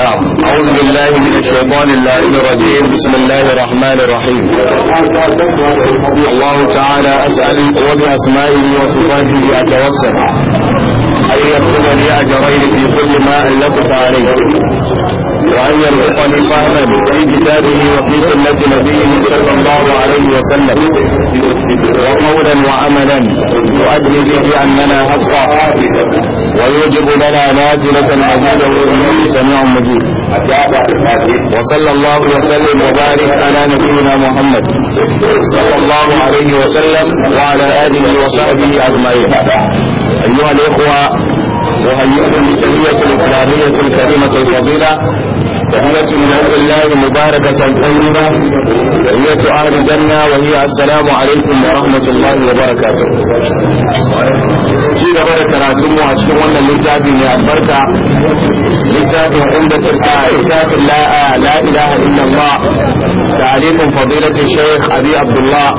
نعم أعوذ بالله من الشيطان اللعين الرجيم بسم الله الرحمن الرحيم الله تعالى أسألك وبأسمائه وصفاته أتوسل أن يكون لي أجرين في كل ما ألفت عليه وأن يرزقني فهما في كتابه وفي سنة نبيه صلى الله عليه وسلم وقولا وعملا يؤدي به أننا حقا ويوجب لنا نازلة عزيزة وإنه سميع مجيد وصلى الله وسلم وبارك على نبينا محمد صلى الله عليه وسلم وعلى آله وصحبه أجمعين أيها الإخوة أهيئكم بتحية الإسلامية الكريمة الفضيلة تحية من عند الله مباركة طيبة تحية أهل الجنة وهي السلام عليكم ورحمة الله وبركاته شيء غير كراتم وأشكرنا للتابي من البركة للتابي عمدة الكتاب لا لا إله إلا الله تعليق فضيلة الشيخ أبي عبد الله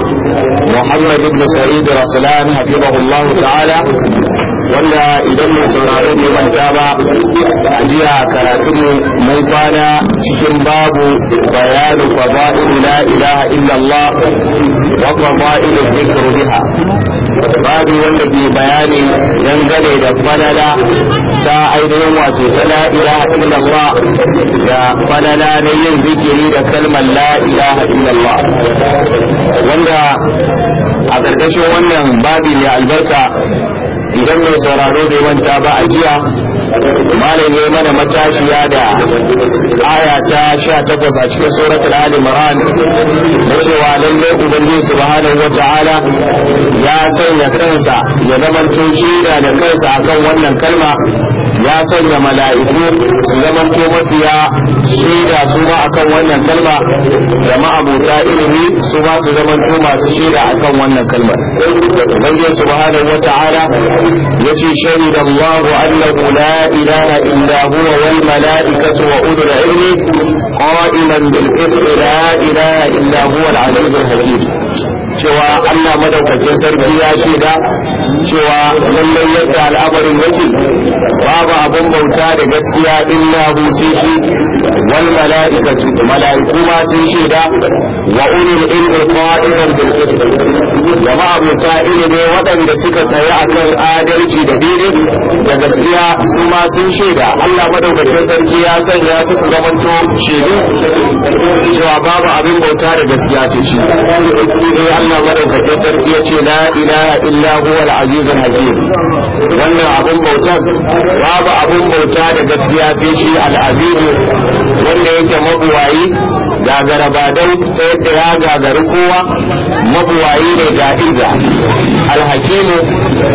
محمد بن سعيد رسلان حفظه الله تعالى wanda idan mai saurari bai manta ba a jiya mu, mun kwana cikin babu bayanu fada'il la ilaha illallah wa fada'il dhikru biha babu wanda ke bayani dangane da falala ta ainihin wato ta la ilaha illallah da falala na yin zikiri da kalmar la ilaha illallah wanda a ƙarƙashin wannan babi mai albarka idan mai sauraro bai manta ba a jiya malam ya mana matashiya da aya ta sha takwas a cikin suratul ali Na da cewa lalle ubangiji wata ala ya sanya kansa ya zamanto shida da kansa akan wannan kalma ya sanya mala'iku su zama ko mafiya shaida su ma akan wannan kalma da ma'abuta ilimi su ba su zama ko masu shaida akan wannan kalmar ubangiji subhanahu wata'ala yace shahida Allahu annahu la ilaha illa huwa wal mala'ikatu wa ulul ilmi qa'iman bil qisti la ilaha illa huwa al aliyyul hakim cewa Allah madaukakin sarki ya shaida cewa lallai yadda al'amarin yake babu abin bauta da gaskiya na buce shi wal mala'ikatu mala'iku ma sun shaida wa ulul ilmi qa'idan bil qist jama'a buta ilimi waɗanda suka tsaya akan adalci da daidai da gaskiya su ma sun shaida Allah madaukakin sarki ya sanya su su to shaidu cewa babu abin bauta da gaskiya sun shi sai Allah madaukakin sarki ya ce la ilaha illa huwa hakim wannan abun bautar babu abun bauta da gaskiya sai shi al'azizu wanda yake mabuwayi gagara ba dai ta eh, yadda ya gagari kowa mabuwayi ne ga iza alhakimu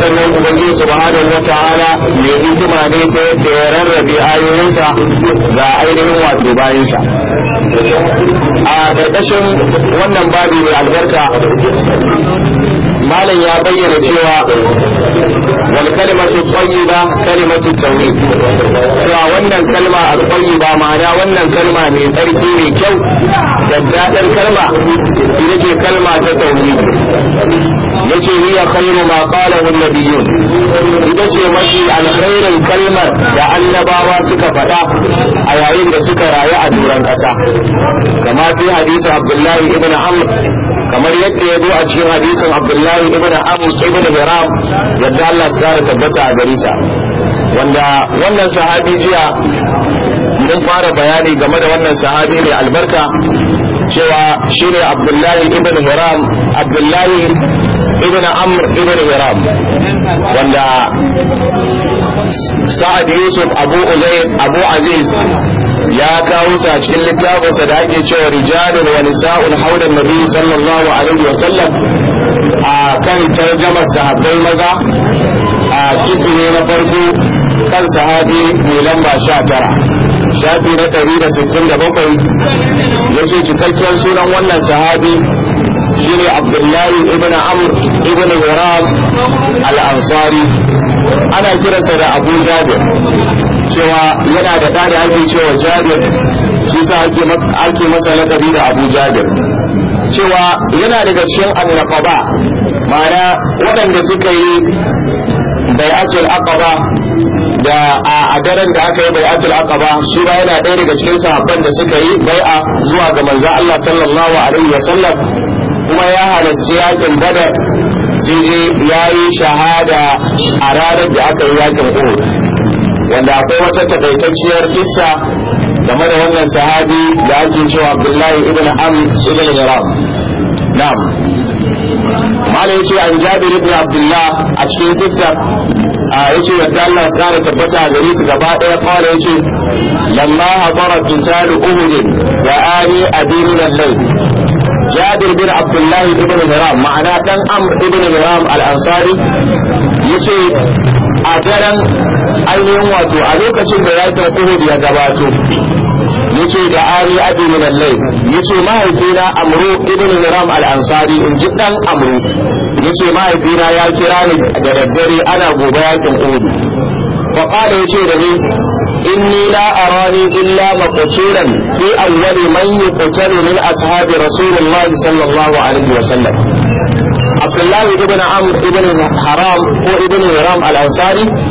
sannan ubangiji subhanahu wataala mai hikima ne ta yadda ya rarrabe ayoyinsa ga ainihin wato bayansa a ƙarƙashin wannan babi mai albarka malam ya bayyana cewa wal kalimatu tayyiba kalimatu tawhid cewa wannan kalma al tayyiba ma'ana wannan kalma mai tsarki mai kyau da dadan kalma ita ce kalma ta tawhid yace hiya khairu ma qalahu an-nabiyyun ita ce mafi alkhairin kalmar da annabawa suka faɗa a yayin da suka rayu a duran ƙasa kama fi hadisi abdullahi ibn amr kamar yadda ya zo a cikin hadisin abdullahi ibn amr ibn hiram yadda Allah ya tabbata a gare sa wanda wannan sahabi jiya mun fara bayani game da wannan sahabi mai albarka cewa shine abdullahi ibn hiram abdullahi ibn amr ibn hiram wanda sa'ad yusuf abu uzair abu aziz ya kawo sa cikin littafinsa da ake cewa rijalun wa nisa'un haudan nabi sallallahu alaihi wa sallam a kan tarjamar sahabbai maza a kisne na farko kan sahabi mai lamba sha tara shafi na ɗari da sittin da bakwai ya ce cikakken sunan wannan sahabi shine abdullahi ibn amr ibn wurab al-ansari ana kiransa da abu jabir cewa yana da ɗa da ake cewa jabir shi ake masa lakabi da abu jabir cewa yana daga cikin annaqaba ma'ana waɗanda suka yi bai'atul aqaba da a daren da aka yi bai aqaba aka ba yana ɗaya daga cikin sahabban da suka yi bai'a zuwa ga manzo Allah sallallahu alaihi sallam? kuma ya halarci yakin badar sai dai ya yi shahada a ranar da aka yi yakin uhud wanda akwai wata takaitacciyar kissa game da wannan sahabi da ake cewa abdullahi ibn am ibn na'am mala an jabir ibn abdullah a cikin kissa a yace da Allah ya tsara tabbata da su gaba daya fara yace lamma hadara qitalu uhud ya ani adin min jabir bin abdullahi ibn hiram ma'ana ɗan amr ibn hiram Al'ansari ansari yace a daren ainihin wato a lokacin da yakin uhud ya gabato yace da ali abi min al-layl yace mahaifina amru ibn hiram al-ansari in ji dan amru yace mahaifina ya kira ni da daddare ana gobe yakin uhud fa qala yace da ni إني لا أراني إلا مقتولا في أول من يقتل من أصحاب رسول الله صلى الله عليه وسلم عبد الله بن عمرو بن حرام هو ابن حرام الأنصاري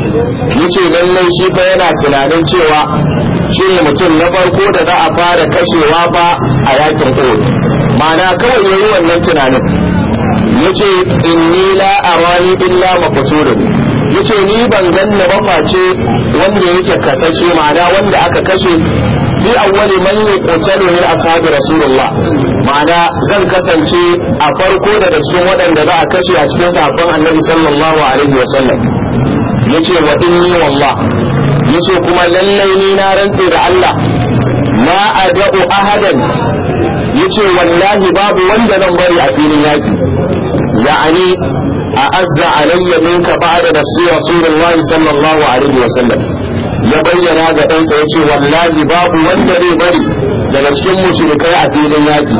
yace lallai shi fa yana tunanin cewa shi ne mutum na farko da za a fara kashewa ba a yakin kowai. ma'ana kawai yayi wannan tunanin yace inni la arani illa maqtulun yace ni ban ganna ba face wanda yake kasashe ma'ana wanda aka kashe bi awwali man yuqtalu min ashabi rasulullah ma'ana zan kasance a farko daga cikin waɗanda za a kashe a cikin sahabban annabi sallallahu alaihi wa sallam yace wa inni wallah yace kuma lallai ni na rantse da Allah ma adau ahadan yace wallahi babu wanda zan bari a filin yaki ya'ani أعز علي منك بعد نفسي رسول الله صلى الله عليه وسلم ya bayyana ga ɗansa ya ce wallahi babu wanda zai bari daga cikin mushrikai a filin yaƙi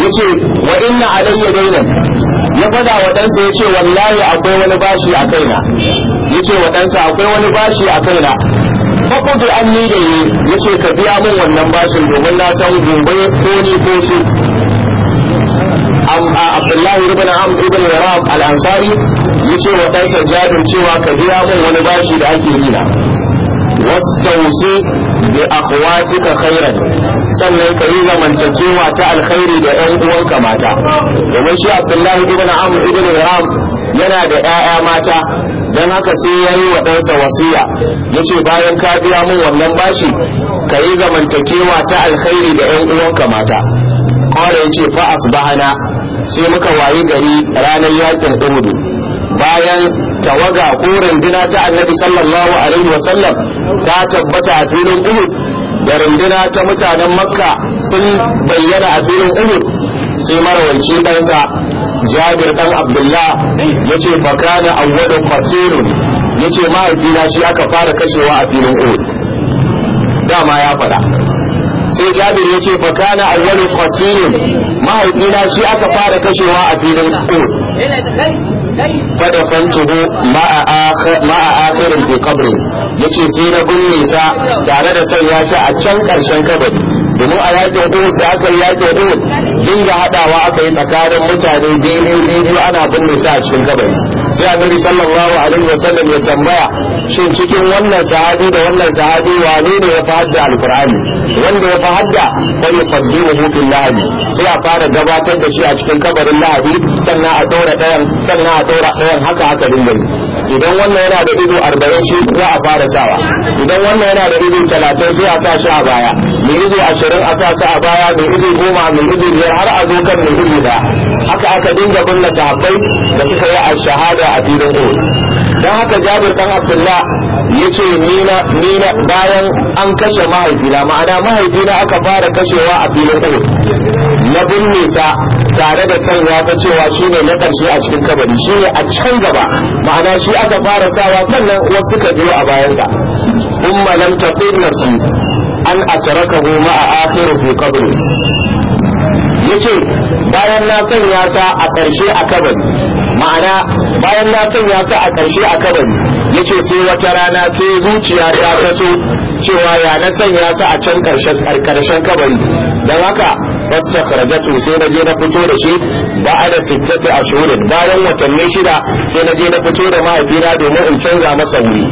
Ya ce wa inna alayya dainan ya faɗa wa ɗansa ya ce wallahi akwai wani bashi a kaina Ya ce wa ɗansa akwai wani bashi a kaina fakudu an ni da yi yace ka biya min wannan bashin domin na san gobe ko ni ko su abdullahi ibn am ibn warab al-ansari yace wa ɗansa cewa ka biya mun wani bashi da ake yi na wastausi bi akhwatika khairan sannan ka yi zamantakewa ta alkhairi da 'yan uwanka mata domin shi abdullahi ibn am ibn yana da 'ya'ya mata don haka sai ya yi wa ɗansa wasiya ya ce bayan ka biya mun wannan bashi ka yi zamantakewa ta alkhairi da 'yan uwanka mata fara ya ce fa asbahana sai muka wayi gari ranar yakin uhudu bayan tawaga ko rundina ta annabi sallallahu alaihi wasallam ta tabbata a filin uhud da rundina ta mutanen makka sun bayyana a filin uhud sai marawanci ɗansa jabir ɗan abdullah ya ce fakana awwadun martirun ya ce mahaifina shi aka fara kashewa a filin uhud dama ya faɗa sai jabir ya ce ba kana awwalu qatilin mahaifina shi aka fara kashewa a filin ko fadafantuhu ma'a akhirin fi Ya yace sai na binne sa tare da sanya shi a can karshen kabari domin a yakin Uhud da aka yi yakin Uhud dinga hadawa aka yi tsakanin mutane biyu biyu ana binne sa a cikin kabari sai annabi sallallahu alaihi wasallam ya tambaya shin cikin wannan sahabi da wannan sahabi wane ne ya fi hadda alkur'ani wanda ya fi hadda bai wa hukun lahadi sai a fara gabatar da shi a cikin kabarin lahadi sannan a ɗora ɗayan sannan a ɗayan haka haka dinga idan wannan yana da ido arba'in shi za a fara sawa idan wannan yana da ido talatin sai a sa shi a baya mai ido ashirin a sa a baya mai ido goma mai ido biyar har a zo kan mai ido da haka aka dinga binne sahabbai da suka yi a shahada a filin uhud dan haka jabir dan abdullah yace ni na ni na bayan an kashe mahaifina ma'ana mahaifina aka fara kashewa a filin uhud na binne sa tare da sanya ta cewa shi ne na karshe a cikin kabari shi ne a can gaba ma'ana shi aka fara sawa sannan wasu suka biyo a bayansa umma lam taqul nafsi an atarakahu ma'a akhiru fi qabri yace bayan na sanya sa a ƙarshe a kabar ma'ana bayan na sanya sa a ƙarshe a kabari yace sai wata rana sai zuciya ta taso cewa ya na sanya sa a can ƙarshen kabari don haka fastakhrajatu sai na je na fito da shi ba ana a ashhurin bayan watanni shida sai na je na fito da mahaifina domin in canza masa wuri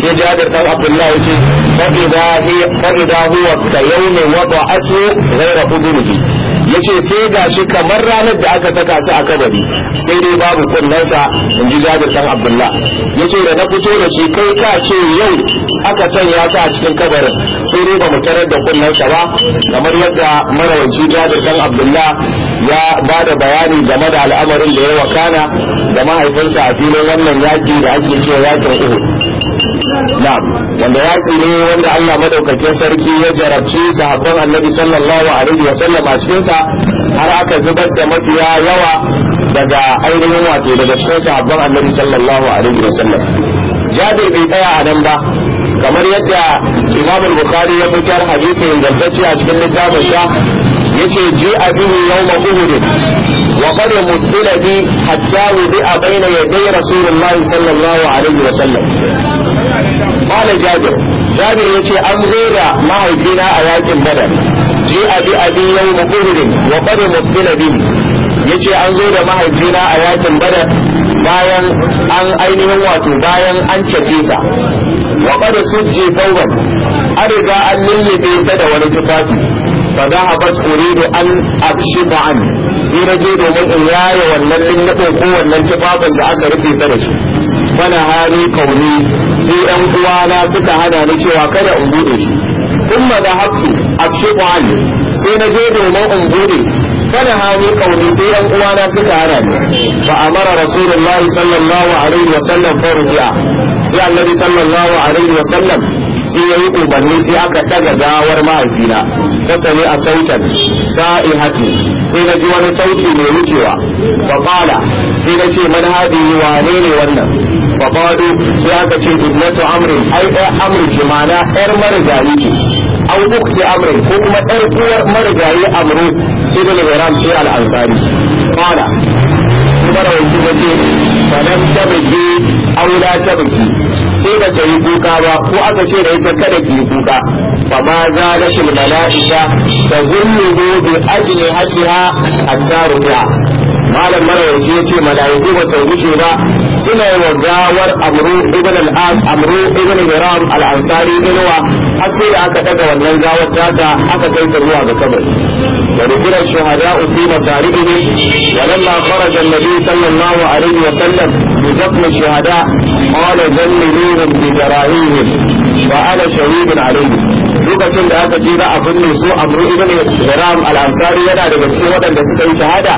sai jabir dan abdullah yace fa idha huwa ka yawmi wada'atu ghayra gurbi yace sai shi kamar ranar da aka saka shi a kabari sai dai babu kunnansa in ji jabir dan abdullah yace da na fito da shi kai ka ce yau aka sanya shi a cikin kabarin sai dai ba mu tarar da kunnansa ba kamar yadda marawanci jabir dan abdullah ya ba da bayani game da al'amarin da ya wakana da mahaifinsa a filin wannan yaki da ake cewa yakin uhud na'am wanda ya ne wanda Allah madaukakin sarki ya jarabci sahabban annabi sallallahu alaihi wa sallam a cikin sa har aka zubar da mafiya yawa daga ainihin wato daga cikin sahabban annabi sallallahu alaihi wa sallam jabir bai tsaya a nan ba kamar yadda imam bukhari ya fitar hadisi ingantacce a cikin littafin sa yace ji abin yawma uhud wa qad mutila bi hatta bi bayna yaday rasulullahi sallallahu alaihi wa sallam qala jabir jabir yace an zo da mahaifina a yakin badar ji abi abi yawm uhud wa qad mutila bi yace an zo da mahaifina a yakin badar bayan an ainihin wato bayan an cafe sa wa qad sujji tawban an riga an lulluɓe sa da wani tufafi fa dhahabat uridu an abshiba an sai na je domin in yaye wannan lullubin ko wannan tufafin da aka rufe sa da shi fana hari kauni sai yan uwana suka hana ni cewa kada in bude shi ma da hakki a shekwan sai na je domin in bude kada hani kauni sai yan uwana suka hana ni fa amara rasulullahi sallallahu alaihi wa sallam fa rubi'a sai annabi sallallahu alaihi wa sallam sai yayi ubanni sai aka daga gawar mahaifina ta sani a sautan sa'ihati sai na ji wani sauti mai wucewa fa qala sai na ce man hadi wane ne wannan wa sai aka ce ibnatu amrin ai ai amrin ce ma'ana yar marigayi ce au ukti amrin ko kuma yar uwar marigayi amru ibn Hiram ce al-Ansari qala marawaci ce sanan ta bige aula ta bige sai ba ta yi kuka ba ko aka ce da ita kada ki yi kuka fa ma za na shi mala'ika ta zullu bi ajli hajjiha malam marayarci ya ce malayiku ba sau gushe ba suna yi wa gawar amru ibn al'ad amru ibn al-ram al-ansari inuwa har da aka daga wannan gawar tasa aka kai ta zuwa ga kabari wa rubira shuhada fi masarihim wa lamma kharaja an-nabi sallallahu alaihi wa sallam bi dafn shuhada qala zannuhum bi jarahihim wa ana shahidun alaihim lokacin da aka ji da abin ne su amru ibn al-ram yana da cikin waɗanda suka yi shahada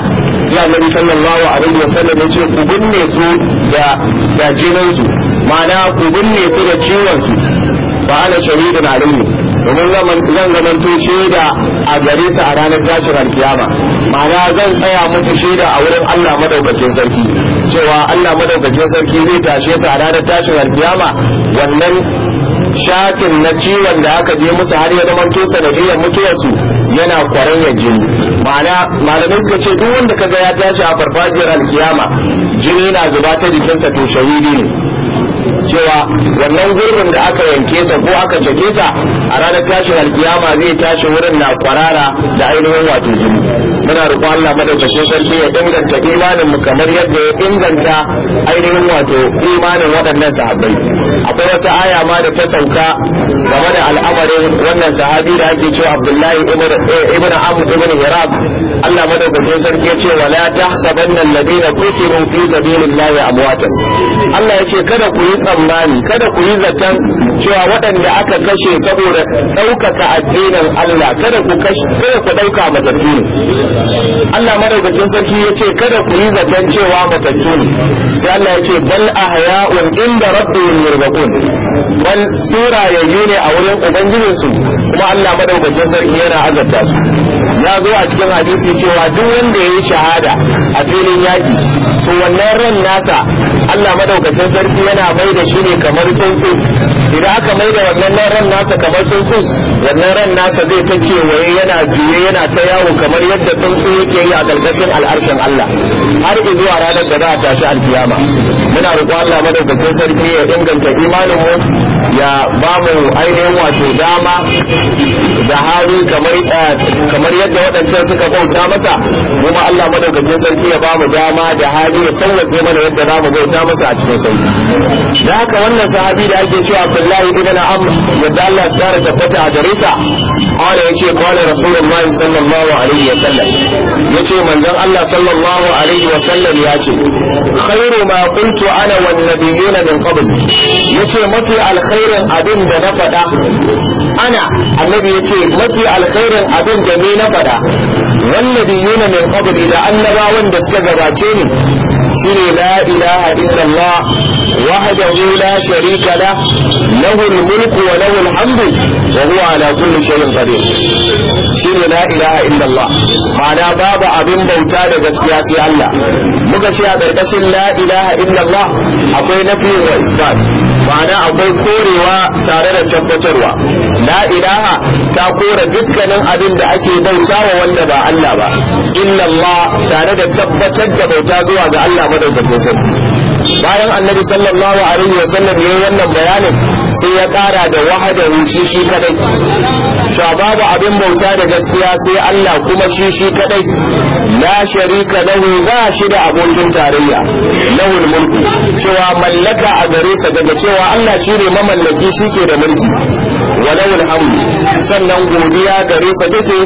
sai annabi sallallahu alaihi wasallam ya ce ku binne su da da su ma'ana ku binne su da ciwon su ba ana shahidin alaihi domin zan zamanto shaida a gare su a ranar tashin alkiyama ma'ana zan tsaya musu shaida a wurin Allah madaukakin sarki cewa Allah madaukakin sarki zai tashe su a ranar tashin alkiyama wannan shatin na ciwon da aka je musu har ya zama to sanadiyar mutuwarsu yana kwaranyar jini ma'ana malamai suka ce duk wanda kaga ya tashi a farfajiyar alkiyama jini na zuba ta jikinsa to shahidi ne cewa wannan gurbin da aka yanke sa ko aka cake sa a ranar tashin alkiyama zai tashi wurin na kwarara da ainihin wato jini muna roƙon Allah madaukakin sarki ya inganta imanin mu kamar yadda ya inganta ainihin wato imanin waɗannan sahabbai akwai wata aya ma da ta sauka game da al'amarin wannan sahabi da ake cewa Abdullahi ibn eh, Amr ibn Hirab Allah madaukakin sarki yace wala tahsabanna alladheena qutilu fi sabilillahi amwatan Allah ce kada ku yi tsammani kada ku yi zaton cewa waɗanda aka kashe saboda ɗaukaka addinin Allah kada ku kashe kada ku ɗauka matattu Allah madaukakin sarki yace kada ku yi zaton cewa matattu sai Allah yace bal ahya'un inda rabbihim yurzaqun wal sura ne a wurin ubangijinsu kuma Allah madaukakin sarki yana azabta su ya zo a cikin hadisi cewa duk wanda ya yi shahada a filin yaƙi to wannan ran nasa Allah madaukakin sarki yana mai da shi ne kamar tsuntsu idan aka mai da wannan ran nasa kamar tsuntsu wannan ran nasa zai ta kewaye yana juye yana ta yawo kamar yadda tsuntsu yake yi a ƙarƙashin al'arshin Allah har zuwa ranar da za a tashi alkiyama muna roƙon Allah madaukakin sarki ya inganta imanin mu ya ba mu ainihin wato dama da hali eh, kamar yadda waɗancan suka bauta masa kuma Allah madaukakin sarki ya ba mu dama da hali ya sauwaƙe mana yadda za mu bauta masa a cikin sauki da haka wannan sahabi da ake cewa Abdullahi ibn Amr yadda Allah ya tsara tabbata a gare sa قال يجي قال رسول الله صلى الله عليه وسلم يجي من ذن الله صلى الله ma وسلم ana خير ما قلت أنا والنبيين من قبل alkhairin abin da na faɗa ana annabi ya ce mafi alkhairin abin da ni na faɗa wallabi yuna mai qabli da annabawan da suka gabace ni ne la ilaha illallah وحده mulku wa له له wa وله الحمد وهو على كل shi ne la ilaha illallah إلا babu abin bauta da gaskiya sai allah muka ce a ƙarƙashin la ilaha illallah akwai nafi wa isbat ma'ana akwai korewa tare da tabbatarwa la ilaha ta kora dukkanin abin da ake bauta wa wanda ba Allah ba illa Allah tare da tabbatar da bauta zuwa ga Allah madaukakin sarki bayan annabi sallallahu alaihi wasallam yayin wannan bayanin sai ya kara da wahadahu shi shi kadai cewa babu abin bauta da gaskiya sai Allah kuma shi shi kadai la sharika lahu ba shi da abokin tarayya lahul mulku cewa mallaka a gare sa daga cewa Allah shi ne mamallaki shi ke da mulki walau alhamdu sannan godiya gare sa take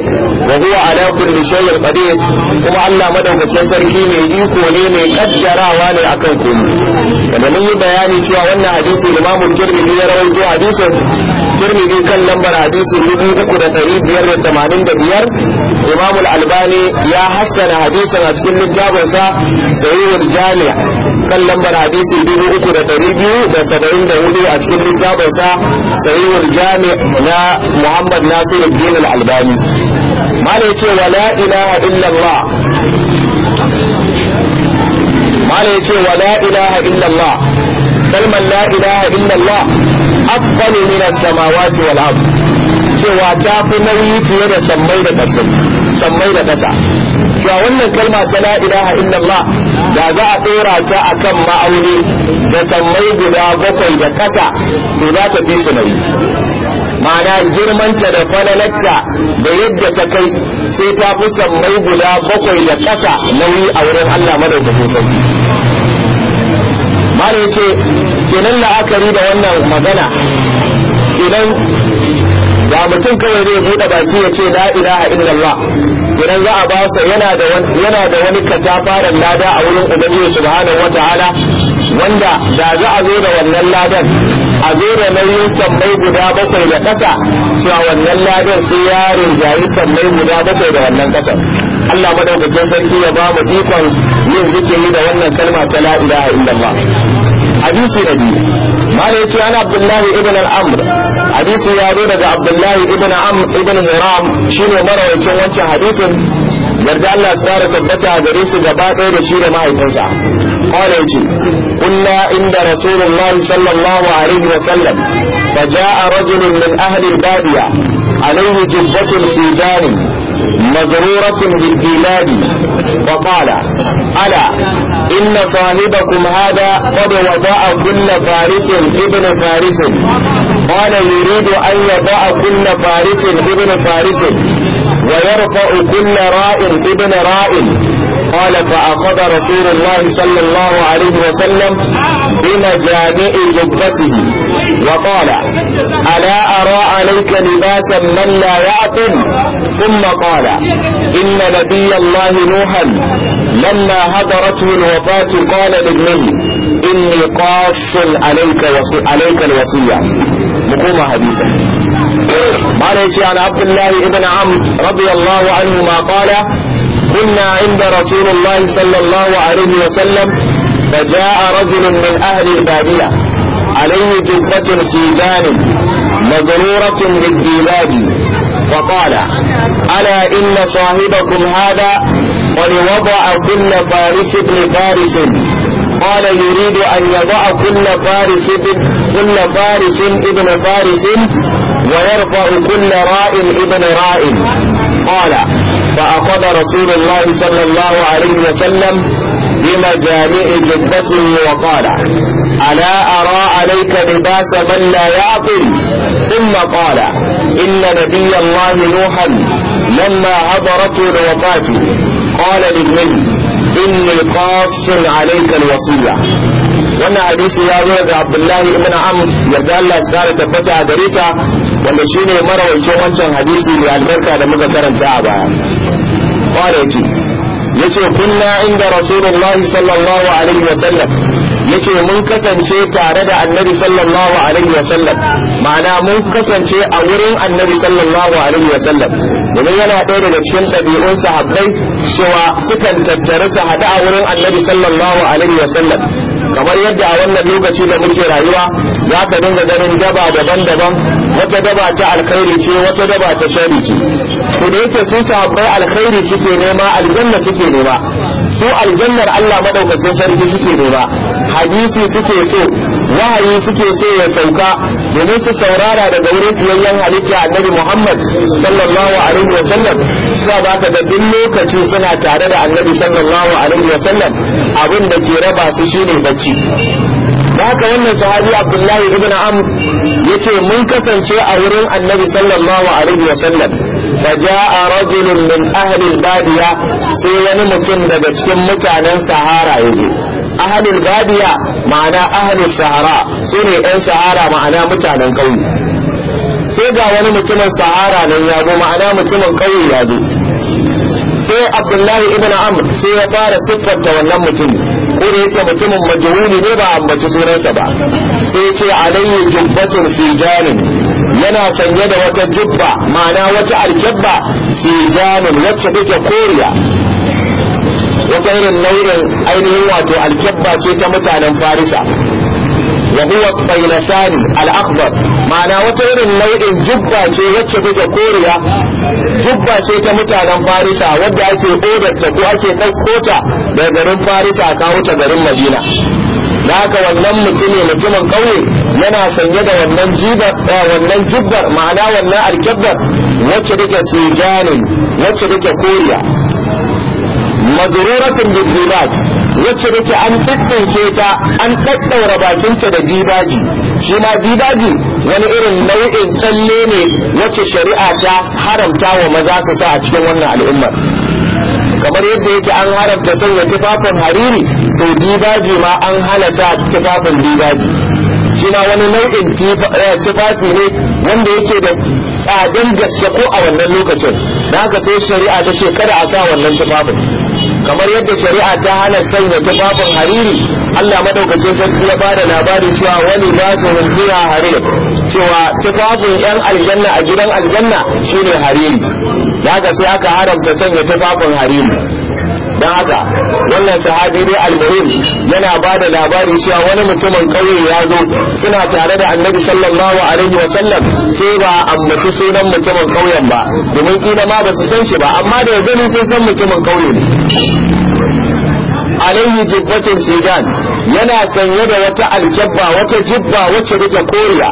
wa huwa ala kulli shay'in qadir kuma Allah madaukakin sarki mai iko ne mai kaddarawa ne akan komai kada mun yi bayani cewa wannan hadisi Imam Tirmidhi ya rawaito hadisin Tirmidhi kan lambar hadisi 3585 Imam Al-Albani ya hassana hadisin a cikin littafinsa Sahih Al-Jami' kan lambar hadisi dubu uku da ɗari biyu da saba'in da hudu a cikin littafinsa sahihul jami na muhammad nasiruddin al-albani malai cewa wa la ilaha illallah malai ce wa la ilaha illallah kalmar la ilaha illallah afdalu min as-samawati wal ard cewa ta fi nauyi fiye da sammai da ƙasai sammai da ƙasa cewa wannan kalma ta la ilaha illallah da za a ɗora ta akan ma'auni da sammai guda bakwai da ƙasa to za ta fi su Mana ma'ana girmanta da falalarta da yadda ta kai sai ta fi sammai guda bakwai da ƙasa nauyi a wurin Allah madaukakin sarki malam ce kenan la'akari da wannan magana idan da mutum kawai zai buɗe baki ya ce la ilaha illallah idan za a ba sa yana da yana da wani katafaren lada a wurin ubangiji subhanahu wataala wanda da za a zo da wannan ladan a zo da nauyin sammai guda bakwai da ƙasa cewa wannan ladan sai ya rinjayi sammai guda bakwai da wannan ƙasa Allah madaukakin sarki ya ba mu ikon yin zikiri da wannan kalma ta la ilaha illallah hadisi na biyu mala yace ana abdullahi ibn al-amr hadisi ya zo daga abdullahi ibn amr ibn hiram shine marawacin wancan hadisin yarda Allah ya tsara tabbata gare su gaba ɗaya da shi da mahaifinsa قال يجي قلنا عند رسول الله صلى الله عليه وسلم فجاء رجل من أهل البادية عليه جبة سيدان مزرورة بالديلاد فقال ألا إن صاحبكم هذا قد وضع كل فارس ابن فارس قال يريد أن يضع كل فارس ابن فارس ويرفع كل راء ابن راء قال فأخذ رسول الله صلى الله عليه وسلم بمجامع جبته وقال ألا أرى عليك لباسا من لا يعقل ثم قال إن نبي الله نوحا لما هدرته الوفاة قال لابنه إني قاص عليك وصي... عليك الوصية مقوم حديثا قال عن عبد الله ابن عم رضي الله عنهما قال كنا عند رسول الله صلى الله عليه وسلم فجاء رجل من أهل البادية عليه جبة سيجان مزرورة بالديباج فقال ألا إن صاحبكم هذا قد وضع كل فارس ابن فارس قال يريد أن يضع كل فارس كل فارس ابن فارس ويرفع كل راء ابن راء قال فأخذ رسول الله صلى الله عليه وسلم بمجامع جبته وقال ألا أرى عليك لباس من لا يعقل ثم قال إن نبي الله نوحا لما حضرته الوفاة قال لابنه إني قاص عليك الوصية wannan hadisi ya zo daga abdullahi ibn amr yarda Allah ya kare tabbata a gare sa wanda shine marawaicin wancan hadisi mai albarka da muka karanta a baya qala yace yace kunna inda rasulullahi sallallahu alaihi wa sallam yace mun kasance tare da annabi sallallahu alaihi wasallam ma'ana mun kasance a wurin annabi sallallahu alaihi wasallam domin yana ɗaya daga cikin ɗabi'un sahabbai cewa sukan tattare su haɗu a wurin annabi sallallahu alaihi wasallam kamar yadda a wannan lokaci da muke rayuwa za ka dinga ganin daba daban-daban wata daba ta alkhairi ce wata daba ta shari ce ku da yake su sahabbai alkhairi suke nema aljanna suke nema su aljannar Allah maɗaukacin sarki suke nema hadisi suke so wahayi suke so ya sauka domin su saurara daga wurin fiyayyen halitta annabi Muhammad sallallahu alaihi wa sallam sa ba ka ga duk lokaci suna tare da annabi sallallahu alaihi wa sallam abin da ke raba su shine bacci haka wannan sahabi Abdullahi ibn Amr yace mun kasance a wurin annabi sallallahu alaihi wa sallam فجاء رجل من أهل البادية سيوني مكين دبتكم متانا سهارا يجي أهل البادية معنى أهل السهراء سوني أن سهارا معنى mutanen قوي sai ga wani mutumin sahara nan ya zo ma'ana mutumin ƙauye ya zo sai abdullahi ibn amr sai ya fara siffarta wannan mutum ko da yake mutumin majruni ne ba ambaci sunansa ba sai ya ce alayhi jubbatun sijanin yana sanye da wata jubba ma'ana wata alkebba sijanin wacce take koriya wata irin nau'in ainihin wato alkebba ce ta mutanen farisa wa huwa tsailasani al'akbar ma'ana wata irin nau'in jubba ce wacce take koriya jubba ce ta mutanen farisa wadda ake odarta ko ake ɗauko daga garin farisa kawo ta garin madina da haka wannan mutumin mutumin ƙauye yana sanye da wannan jibar wannan jibbar ma'ana wannan alkebbar wacce take sijanin wacce take koriya mazururatun bidibat wacce take an tsitsinke ta an ɗanɗaura bakinta da dibaji shi ma wani irin nau'in tsalle ne wacce shari'a ta haramta wa maza su sa a cikin wannan al'ummar kamar yadda yake an haramta sanya tufafin hariri to dibaji ma an halata tufafin dibaji shina wani nau'in eh, tufafi ne wanda yake da tsadan gaske ko a wannan lokacin da haka sai shari'a ta ce kada a sa wannan tufafin kamar yadda shari'a ta hana sanya tufafin hariri Allah madaukakin sarki ya bada labari cewa wani basu hundiya harir cewa tufafin yan aljanna a gidan aljanna shine hariri da haka sai aka haramta sanya tufafin hariri don haka wannan sahabi dai almuhim yana ba da labari cewa wani mutumin ƙauye ya zo suna tare da annabi sallallahu alaihi wa sallam sai ba ambaci sunan mutumin ƙauyen ba domin kila ma ba su san shi ba amma da gani sun san mutumin ƙauye ne alaihi jibbatun sijan yana sanye da wata alkyabba wata jibba wacce take koriya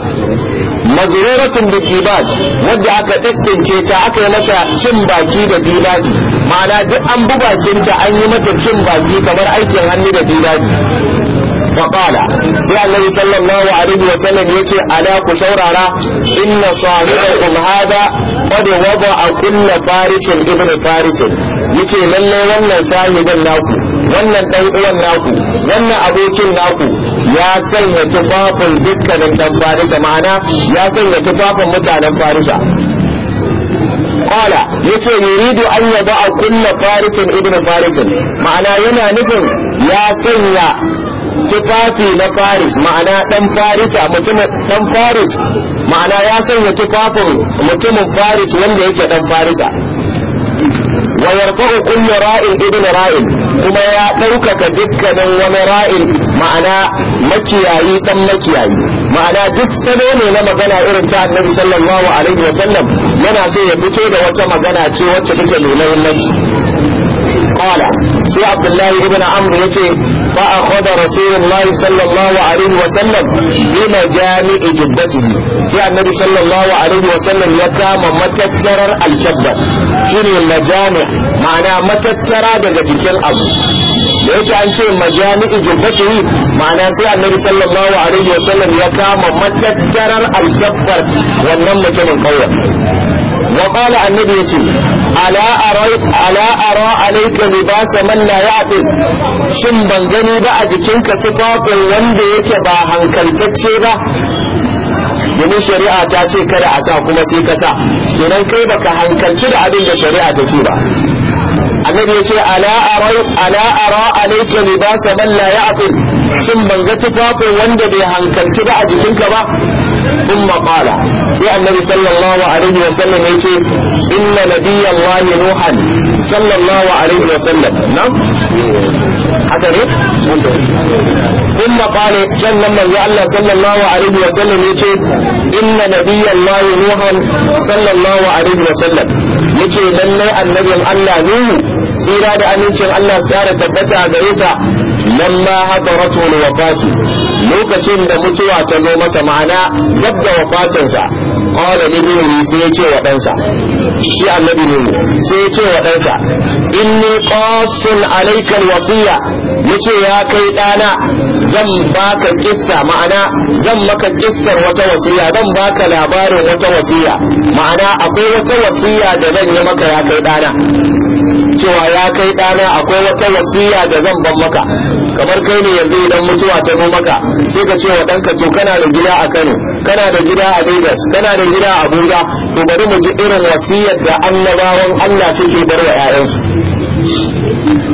mazururatun da dibaj wadda aka tsintsince ta aka yi mata cin baki da dibaji ma'ana duk an bi kinta an yi mata cin baki kamar aikin hannu da dibaji faƙala sai annabi sallallahu alaihi wasallam ya ce ala ku saurara inna sahibakum hada qad wada a kulla farisin ibn farisin yace lallai wannan sahibin naku wannan ɗan uwan naku wannan abokin naku ya sanya tufafin dukkanin dan farisa ma'ana ya sanya tufafin mutanen farisa qala yace yuridu an a kunna farisin ibnu farisin ma'ana yana nufin ya sanya tufafi na faris ma'ana dan farisa mutumin dan faris ma'ana ya sanya tufafin mutumin faris wanda yake dan farisa wa yarfa'u kullu ra'in ibnu ra'in kuma ya ɗaukaka dukkanin wani ra'in ma'ana makiyayi ɗan makiyayi ma'ana duk salo ne na magana irin ta annabi sallallahu alaihi wa sallam yana so ya fito da wata magana ce wacce take mai muhimmanci qala sai abdullahi ibn amr yace fa akhadha rasulullahi sallallahu alaihi wa sallam bi majami'i jibbatihi sai annabi sallallahu alaihi wa sallam ya kama matattarar alkabba shine majami' ma'ana matattara daga jikin abu da yake an ce majami'i yi ma'ana sai annabi sallallahu alaihi wa sallam ya kama matattarar alkabbar wannan mutumin kauyen wa qala annabi yace ala ara ala ara alayka libasa man la ya'qil shin ban gani ba a jikinka tufafin wanda yake ba hankaltacce ba domin shari'a ta ce kada a sa kuma sai ka sa idan kai baka hankalci da abin da shari'a ta ce ba annabi ya ce ala ara ala ara alayka libasa man la ya'qil shin ban ga tufafin wanda bai hankalci ba a jikinka ba ثم قال في النبي صلى الله عليه وسلم يقول إن نبي الله نوحا صلى الله عليه وسلم نعم haka ne in maƙale sannan manzo Allah sallallahu alaihi wa sallam yace inna nabiyallahi nuhan sallallahu alaihi wa sallam yace lallai annabin Allah nuhu tsira da amincin Allah tsara tabbata a gare sa haka hadaratul wafatu lokacin da mutuwa ta zo masa ma'ana dab da wafatinsa qala li ibnihi sai ya ce wa ɗansa shi annabi ne sai ya ce wa ɗansa inni qasun alayka wasiya yace ya kai ɗana zan baka kissa ma'ana zan maka kissar wata wasiya zan baka labarin wata wasiya ma'ana akwai wata wasiya da zan yi maka ya kai ɗana cewa ya kai ɗana akwai wata wasiya da zan ban maka kamar kai ne yanzu idan mutuwa ta zo maka sai ka ce wa danka to kana da gida a Kano kana da gida a Lagos kana da gida a Abuja to bari mu ji irin wasiyar da annabawan Allah suke bar wa 'ya'yansu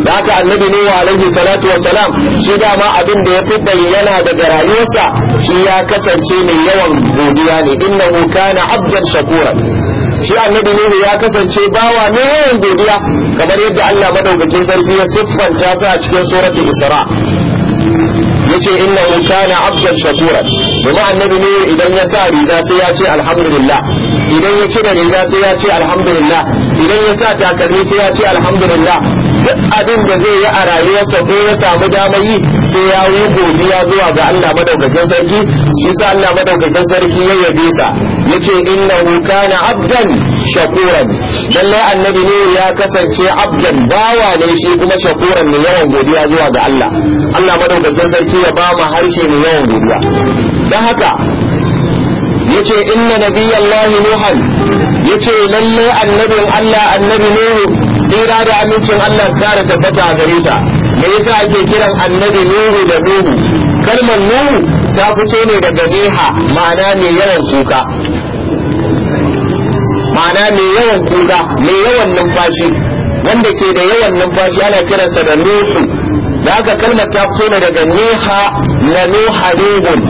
da haka annabi ne wa alaihi salatu wa salam shi dama abin da ya fi bayyana daga rayuwarsa shi ya kasance mai yawan godiya ne innahu kana abdan shakura shi annabi ne ya kasance bawa mai yawan godiya kamar yadda Allah madaukakin sarki ya siffanta su a cikin suratul Isra yace innahu kana abdan shakura domin annabi ne idan ya sa riga sai ya ce alhamdulillah idan ya cire riga sai ya ce alhamdulillah idan ya sa takalmi sai ya ce alhamdulillah duk abin da zai yi a rayuwarsa ko ya samu damar yi sai ya yi godiya zuwa ga Allah madaukakin sarki shi sa Allah madaukakin sarki ya yabe sa yace innahu kana abdan shakuran lalle annabi ne ya kasance abdan bawa ne shi kuma shakuran ne yawan godiya zuwa ga Allah Allah madaukakin sarki ya ba mu harshe ne yawan godiya dan haka yace inna nabiyallahi nuhan yace lalle annabin Allah annabi nuhu tsira da amincin Allah su kare tabbata a gare me yasa ake kiran annabi nuhu da nuhu kalmar nuhu ta fito ne daga neha ma'ana mai yawan kuka ma'ana mai yawan kuka mai yawan numfashi wanda ke da yawan numfashi ana kiransa da nuhu da aka kalmar ta fito ne daga neha na nuha nuhun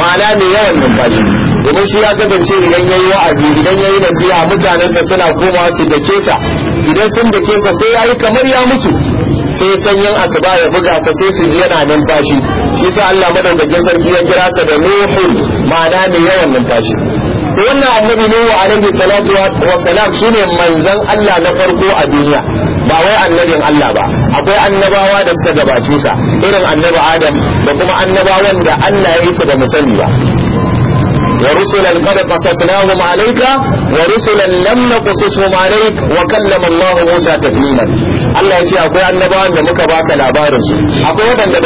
ma'ana mai yawan numfashi domin shi ya kasance idan yayi wa'azi idan yayi nasiha mutanensa suna komawa su dake sa idan sun dake sa sai yayi kamar ya mutu sai sanyin asuba ya buga sa sai su ji yana numfashi shi sa Allah madaukakin sarki ya kira sa da nuhun ma'ana mai yawan numfashi sai wannan annabi nuhu alaihi salatu wa salam shine manzon Allah na farko a duniya ba wai annabin Allah ba akwai annabawa da suka gabace sa irin annabi Adam da kuma annabawan da Allah ya yi su da ba ورسلا قد قصصناهم عليك ورسلا لم نقصصهم عليك وكلم الله موسى تكليما Allah ya ce akwai annabawan da muka baka labarin su akwai waɗanda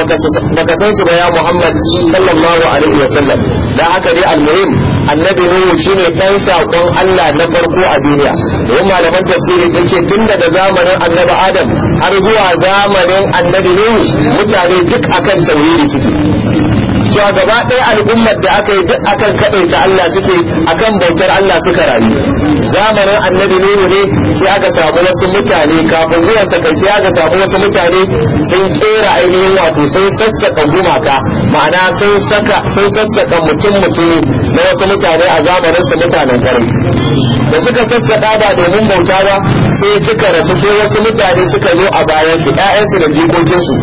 baka san su ba ya Muhammad sallallahu alaihi wa sallam dan haka dai almuhim annabi Nuhu shine dan sakon Allah na farko a duniya don malaman tafsiri sun ce tun daga zamanin annabi Adam har zuwa zamanin annabi Nuhu mutane duk akan tauhidi suke cewa gaba ɗaya al'ummar da aka yi duk akan kaɗaita Allah suke akan bautar Allah suka rayu zamanin annabi ne ne sai aka samu wasu mutane kafin sa kai sai aka samu wasu mutane sun kera ainihin wato sun sassaka gumaka ma'ana sun saka sun sassaka mutum mutumi na wasu mutane a zamanin su mutanen kare da suka sassaka ba domin bauta ba sai suka rasu sai wasu mutane suka zo a bayansu su da jikokinsu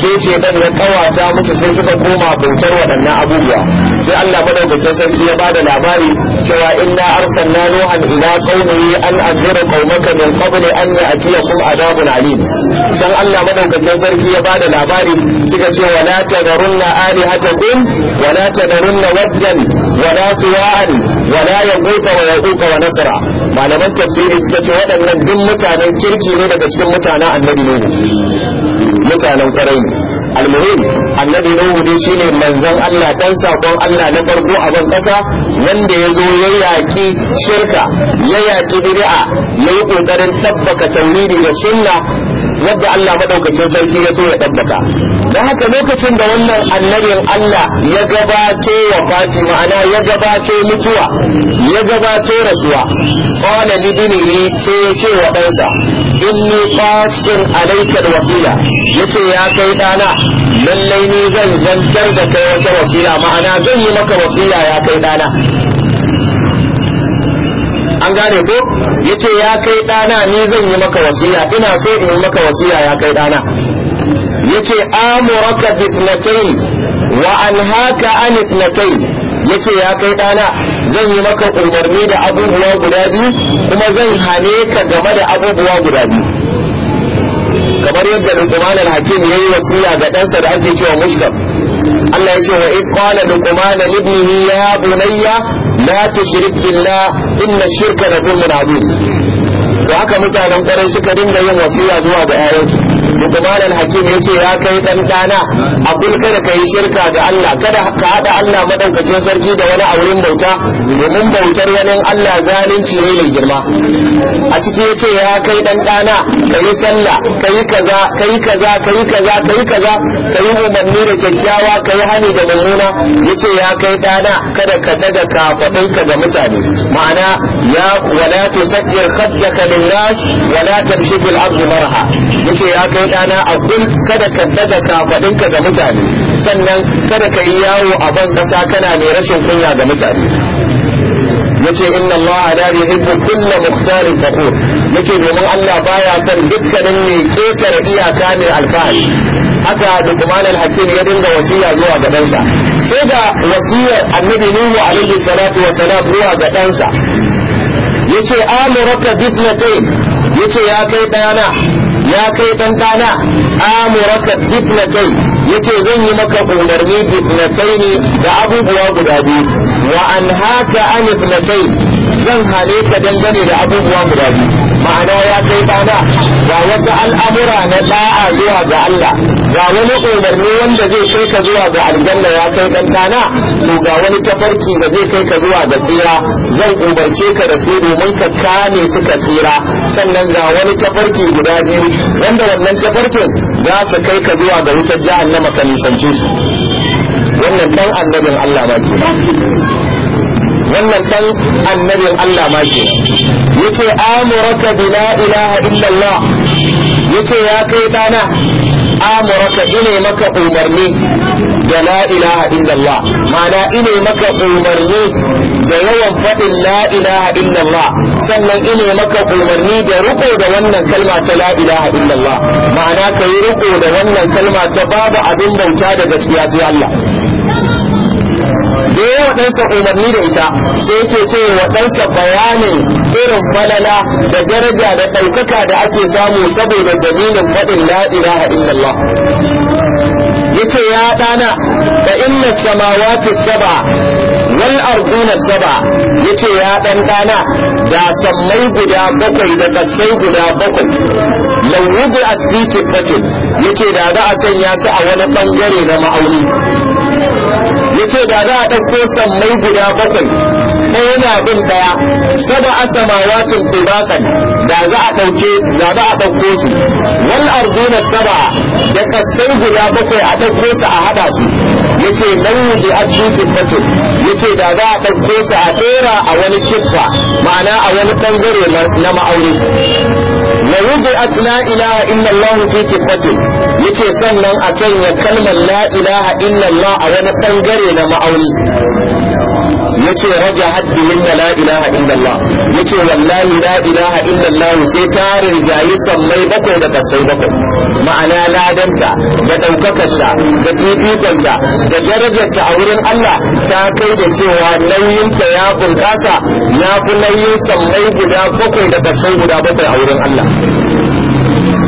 sai shedan ya kawata musu sai suka koma bautar waɗannan abubuwa sai Allah madaukakin sarki ya bada labari cewa inna arsalna nuhan ila qaumihi an anzira qaumaka min qabl an ya'tiyakum adabun alim san Allah madaukakin sarki ya bada labari suka ce wala tadarunna alihatakum wala tadarunna waddan wala suwa'an wala ya gusa wa yaquqa wa nasra malaman tafsiri suka ce waɗannan duk mutanen kirki ne daga cikin mutanen annabi ne mutanen kwarai ne almuhim annabi nuhu shi shine manzon Allah dan sakon Allah na farko a ban kasa wanda yazo ya yaki shirka ya yaki bid'a yayi kokarin tabbaka tauhidi da sunna wadda Allah madaukakin sarki ya so ya dabbaka da haka lokacin da wannan annabin Allah ya gabato wa fati ma'ana ya gabato mutuwa ya gabato rasuwa qala li dinihi sai ya ce wa ɗansa inni qasin alayka wasila yace ya kai dana lallai ni zan zantar da kai wata wasila ma'ana zan yi maka wasila ya kai dana an gane ko yace ya kai dana ni zan yi maka wasiya ina so in yi maka wasiya ya kai dana yace amuraka bi ithnatayn wa anhaka an ithnatayn yace ya kai dana zan yi maka umarni da abubuwa guda biyu kuma zan hane ka game da abubuwa guda biyu kamar yadda Luqman al-Hakim yayi wasiya ga ɗansa da ake cewa Mushkab Allah ya ce wa id qala luqman li ibnihi ya bunayya la tushrik billah inna shirka la zulmun azim to haka mutanen ƙwarai suka dinga yin wasiya zuwa ga 'ya'yansu Luqman al-Hakim yace ya kai dan dana abul kada kai shirka ga Allah kada ka hada Allah madaukakin sarki da wani auren bauta domin bautar wani Allah zalunci ne mai girma a ciki yace ya kai dan dana kai sallah kai kaza kai kaza kai kaza kai kaza kai umarni da kyakkyawa kai hani da mummuna yace ya kai dana kada ka daga kafadinka ga mutane ma'ana ya wala tusajjir khaddaka lin nas wala tamshi bil ardi marha yace ya ya kai ɗana a kada ka daga kafaɗinka ga mutane sannan kada ka yi yawo a ban ƙasa kana mai rashin kunya ga mutane yace inna allaha la yuhibbu kulla mukhtalin fakhur yace domin Allah baya son dukkanin mai ketare iyaka mai alfahari haka Luqman al-Hakim ya dinga wasiya zuwa ga sai da wasiyar Annabi Nuhu alaihi salatu wa salam zuwa ga ɗansa yace amuraka bidnatayn yace ya kai ɗana ya kai dan dana amuraka fitnatai yace zan yi maka umarni fitnatai ne da abubuwa guda biyu wa an haka an fitnatai zan hane ka dangane da abubuwa guda biyu ma'ana ya kai bana ga wasu al'amura na da'a zuwa ga Allah ga wani umarni wanda zai kai ka zuwa ga aljanna ya kai dan dana to ga wani tafarki da zai kai ka zuwa ga tsira zan umarce ka da su domin ka kame su tsira sannan ga wani tafarki guda biyu wanda wannan tafarkin za su kai ka zuwa ga wutar jahannama ka nisance su wannan dan annabin Allah ba ke wannan dan annabin Allah ma ke yace amuraka bi la ilaha illa Allah yace ya kai dana amuraka ine maka umarni da la ilaha illa Allah ma'ana ine maka umarni da yawan faɗin la ilaha illa Allah sannan ine maka umarni da riko da wannan kalma ta la ilaha illa Allah ma'ana kai riko da wannan kalma ta babu abin bauta da gaskiya sai Allah da yawa ɗansa umarni da ita sai yake ce wa ɗansa bayanin irin falala da daraja da ɗaukaka da ake samu saboda dalilin faɗin la ilaha illallah yace ya ɗana fa inna samawati saba wal arduna saba yace ya dan dana da sammai guda bakwai da kasai guda bakwai lawuji wudi'at fi yace da za a sanya su a wani bangare na ma'auni yace da za a ɗauko sammai guda bakwai ɗaya na bin ɗaya saba a samawatin tibakan da za a ɗauke da za a ɗauko su wal arduna saba da kasai guda bakwai a ɗauko su a haɗa su yace nauyi a cikin Ya yace da za a ɗauko su a ɗora a wani kifa ma'ana a wani ɓangare na ma'aure wa a la ila illa Allah fi kibbatin yace sannan a sanya kalmar la ilaha illallah a wani bangare na ma'auni yace raja haddihin na la ilaha illallah yace wallahi la ilaha illallah sai ta rinjayi sammai bakwai da kasai bakwai ma'ana ladanta da ɗaukakarta da fifikonta da darajarta a wurin Allah ta kai da cewa nauyinta ya bunƙasa ya fi nauyin sammai guda bakwai da kasai guda bakwai a wurin Allah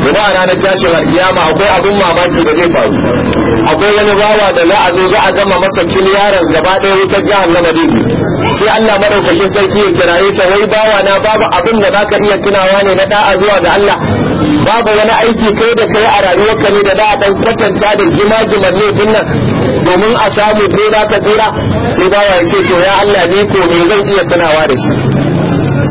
kuma a ranar tashin alkiyama akwai abin mamaki da zai faru akwai wani bawa da za a zo za a gama masa kiliyaran gaba ɗaya wutar jihar na madidi sai Allah madaukakin sarki ya kiraye sa wai bawa na babu abin da za ka iya tunawa ne na da'a zuwa ga Allah babu wani aiki kai da kai a rayuwarka ne da da'a ɗan kwatanta da jima jima-jimar laifin nan domin a samu za ka tsira sai bawa ya ce to ya Allah ni ko me zan iya tunawa da shi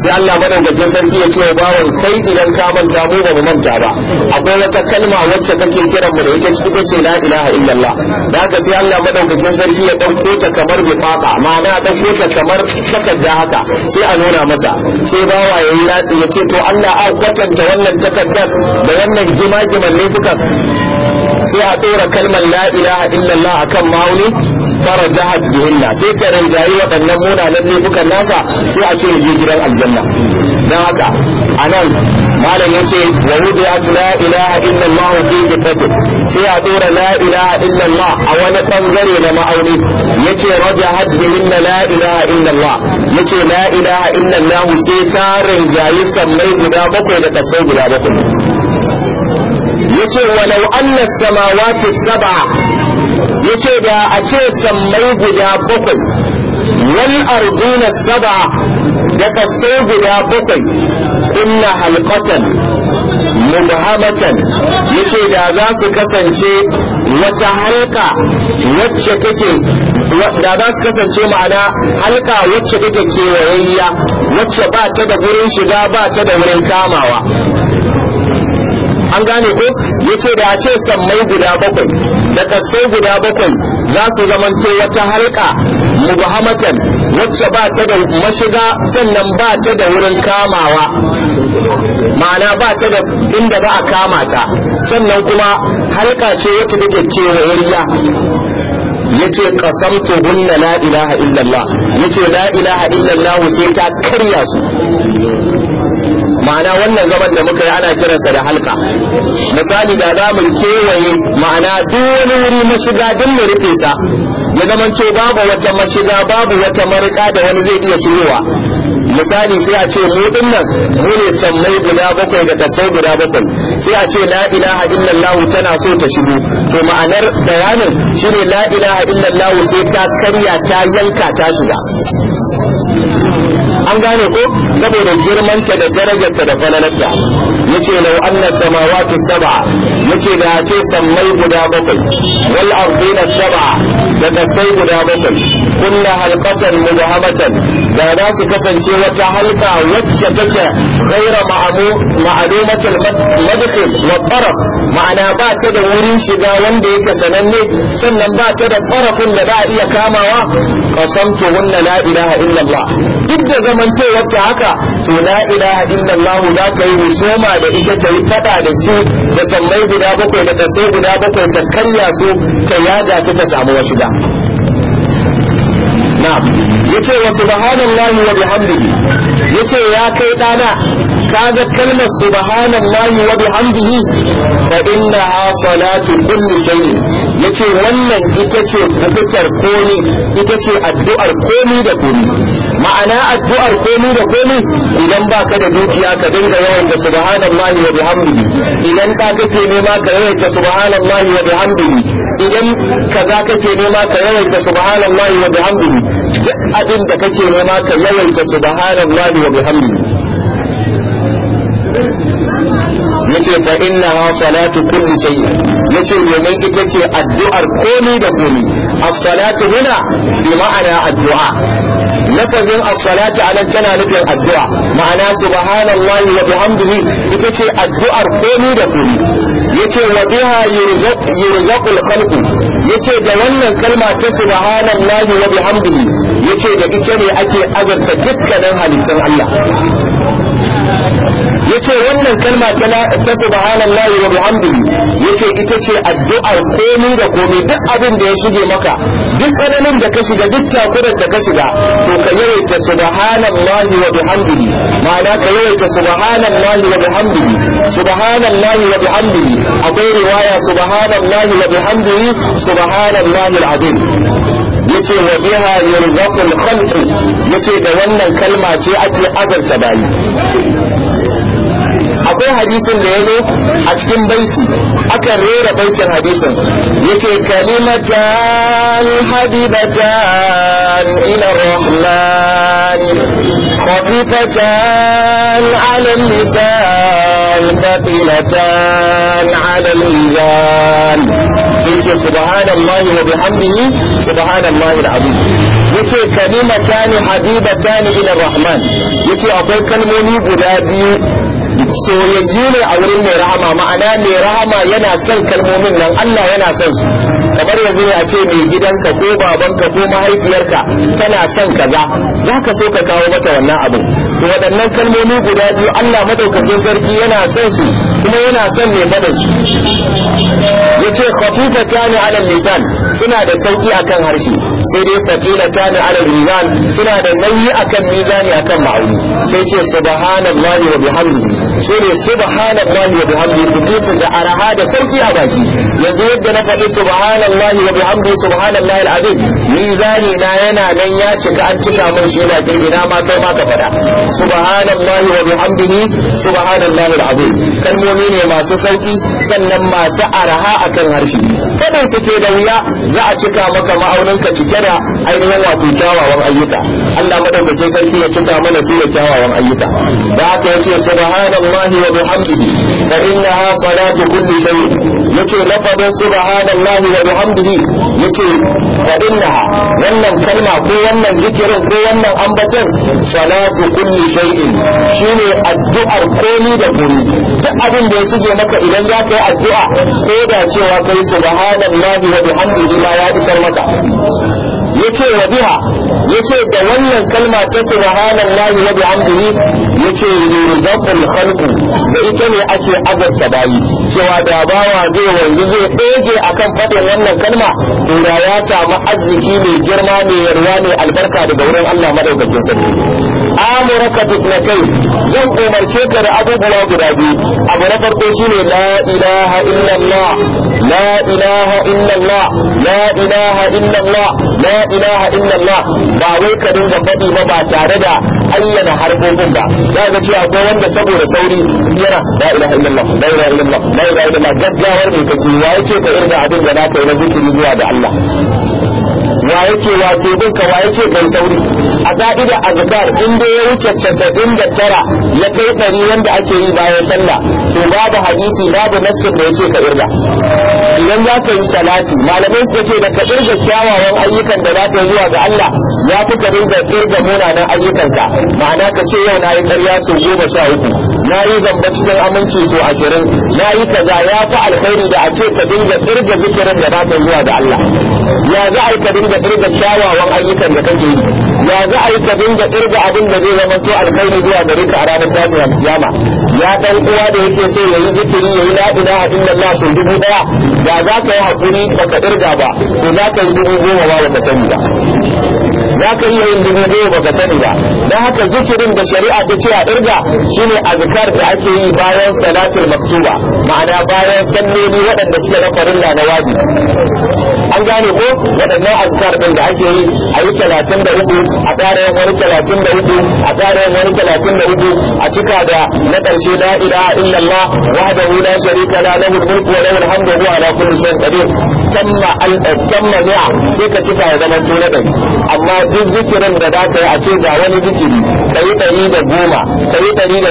sai Allah madaukakin sarki ya ce bawan kai idan ka manta mu ba mu manta ba akwai wata kalma wacce kake kiran mu da ita ita ce la ilaha illallah da haka sai Allah madaukakin sarki ya dauko ta kamar bifaka ma'ana dauko ta kamar takarda haka sai a nuna masa sai bawa yayi latsi ya ce to Allah a kwatanta wannan takardar da wannan gima-giman laifukan sai a ɗora kalmar la ilaha illallah akan ma'auni farajahat bihinna sai ta rinjayi waɗannan munanan laifukan nasa sai a cire je gidan aljanna dan haka anan malam yace wa wudi'at la ilaha illa allah fi dikati sai a dora la ilaha illa allah a wani bangare na ma'auni yace rajahat bihinna la ilaha illa allah yace la ilaha illa allah sai ta rinjayi sammai guda bakwai da kasai guda bakwai yace walau anna samawati sab'a ya ce da a ce sammai guda bakwai wal arduna saba da sai guda bakwai inna halqatan mudhamatan yace da za su kasance wata halka wacce take da za su kasance ma'ana halka wacce take kewayayya wacce ba ta da wurin shiga ba ta da wurin kamawa an gane ko Yace da a ce sammai guda bakwai da kasai guda bakwai za su zamanto wata halka mubahamatan wacce ba ta da mashiga sannan ba ta da wurin kamawa ma'ana ba ta da inda za a kama ta sannan kuma halka ce wacce take kewayayya yace qasamtu hunna la ilaha illallah yace la ilaha illallah sai ta karya su ma'ana wannan zaman da muka yi ana kiransa da halka misali da za mu kewaye ma'ana duk wani wuri mashiga duk mu rufe sa ya zamanto babu wata mashiga babu wata marika da wani zai iya shigowa misali sai a ce mu din mu ne sammai guda bakwai da kasai guda bakwai sai a ce la ilaha illallah tana so ta shigo to ma'anar bayanin shine la ilaha illallah sai ta karya ta yanka ta shiga an gane ko saboda girmanta da darajarta da fananarta yace law anna samawati sab'a yace da ce sammai guda bakwai wal ardina sab'a da kasai guda bakwai kunna halqatan mudhamatan da za su kasance wata halka wacce take ghaira ma'lumatul madkhil wa taraf ma'ana ba ta da wurin shiga wanda yake sananne sannan ba ta da tarafin da za a iya kamawa qasamtu hunna la ilaha illa duk da zamantowar ta haka to la ilaha illa za ka yi husuma da ita ta yi fada da su da sallai guda bakwai da kasai guda bakwai ta karya su ta yada su ta samu wasu da na'am yace wa subhanallahi wa bihamdihi yace ya kai dana kaga kalmar subhanallahi wa bihamdihi fa innaha salatu kulli shay'in yace wannan ita ce fitar komi ita ce addu'ar komi da komi ma'ana addu'ar komai da komai idan ba ka da dukiya ka dinga yawan da subhanallahi wa bihamdihi idan ka kake nema ka yawaita subhanallahi wa bihamdihi idan ka kaza kake nema ka yawaita subhanallahi wa bihamdihi duk abin da kake nema ka yawaita subhanallahi wa bihamdihi yace fa innaha salatu kulli shay yace domin ita ce addu'ar komai da komai as-salatu huna bi ma'ana addu'a lafazin as-salatu anan tana nufin addu'a ma'ana subhanallahi wa bihamdihi ita ce addu'ar komi da kuri yace wa biha yurzaqul khalq yace da wannan kalma ta subhanallahi wa bihamdihi yace da ita ne ake azarta dukkanin halittun Allah yace wannan kalma ta subhanallahi wa bihamdihi yace ita ce addu'ar komai da komai duk abin da ya shige maka duk tsananin da ka shiga duk takurar da ka shiga to ka yawaita subhanallahi wa bihamdihi ma'ana ka yawaita subhanallahi wa bihamdihi subhanallahi wa bihamdihi akwai riwaya subhanallahi wa bihamdihi subhanallahi al'azim yace wa biha yurzaqul khalq yace da wannan kalma ce ake azarta bayi akwai hadisin da ya zo a cikin baiti aka rera baitin hadisin yace kalimatan habibatan ila rahman khafifatan ala lisan thaqilatan ala mizan yace subhanallahi wa bihamdihi subhanallahi alazim yace kalimatan habibatan ila rahman yace akwai kalmomi guda biyu soyayyu ne a wurin mai rahama ma'ana mai rahama yana son kalmomin nan Allah yana son su kamar yanzu ne a ce mai gidanka ko babanka ko mahaifiyarka tana son kaza za ka so ka kawo mata wannan abin to waɗannan kalmomi guda biyu Allah madaukakin sarki yana son su kuma yana son ne faɗin su yace ta ne alal lisan suna da sauki akan harshe sai dai ta ne alal mizan suna da nauyi akan mizani akan ma'auni sai ce subhanallahi wa bihamdihi su ne subhanallahi wa bihamdi kudisu da araha da sauki a baki yanzu yadda na faɗi subhanallahi wa bihamdi subhanallahi alazim mizani na yana nan ya cika an cika mun shi yana girgina ma kai ma ka faɗa subhanallahi wa bihamdihi subhanallahi alazim kalmomi ne masu sauki sannan masu araha akan harshe kadan suke da wuya za a cika maka ma'auninka cike da ainihin wato kyawawan ayyuka Allah madaukakin sarki ya cika mana su da kyawawan ayyuka da haka yace subhanallahi الله وبحمده فإنها صلاة كل شيء يكي لقد سبحان الله وبحمده يكي فإنها wannan kalma ko wannan zikirin ko wannan ambaton salatu kulli shay'in shine addu'ar komi da komi duk abin da ya shige maka idan ya yi addu'a ko da cewa kai subhanallahi wa ma ya isar maka yace wa biha yace da wannan kalma ta subhanallahi wa bihamdihi yace yurzaqul khalqu da ita ne ake azarta bayi cewa da bawa zai wanzu zai ɗege akan faɗin wannan kalma inda ya samu arziki mai girma mai yarwa mai albarka daga wurin Allah madaukakin sarki Amurka fitnatai zan umarce ka da abubuwa guda biyu abu na farko shine la ilaha illallah la ilaha illallah la ilaha illallah la ilaha illallah ba wai ka dinga faɗi ba ba tare da ayyana harkokin ba za ga ce akwai wanda saboda sauri yana la ilaha illallah la ilaha illallah la ilaha illallah gaggawar ne kake wa yace ka irga abin da na kai na zikiri zuwa da Allah wa yake wa ke bin ka wa yake kai sauri a ka'ida azkar in dai ya wuce casa'in da tara ya kai ɗari wanda ake yi bayan sallah to babu hadisi babu nassin da yake ka irga idan za ka yi salati malamai suka ce da ka irga kyawawan ayyukan da za ka zuwa ga Allah ya fi ka irga irga munanan ayyukanka ma'ana ka ce yau na yi ƙarya sau goma sha uku na yi zamba cikin aminci sau ashirin na yi kaza ya fi alkhairi da a ce ka dinga irga zikirin da za ka zuwa ga Allah ya za a yi ka dinga irga kyawawan ayyukan da kake yi ya za a yi ka dinga abin da zai zama to alkhairi zuwa gare ka a ranar tashin ya dan uwa da yake so ya yi zikiri ya yi la ilaha illallah sau dubu daya da za ka yi hakuri ba ka irga ba to za ka yi dubu goma ba ba ka sani ba za ka yi yin dubu goma ba ka sani ba don haka zikirin da shari'a ta ce a irga shine azkar da ake yi bayan salatul maktuba ma'ana bayan salloli waɗanda suke na farin na wajibi an gane ko waɗannan azkar ɗin da ake yi a yi talatin da a ƙara wani talatin da a ƙara wani talatin da a cika da na ƙarshe ce la ilaha illallah wahdahu la sharika la lahu al-mulk wa lahu al wa ala kulli shay'in qadir tamma al-tamma sai ka cika ya zama tuna dai amma duk zikirin da za ka yi a ce ga wani zikiri kayi ɗari da goma da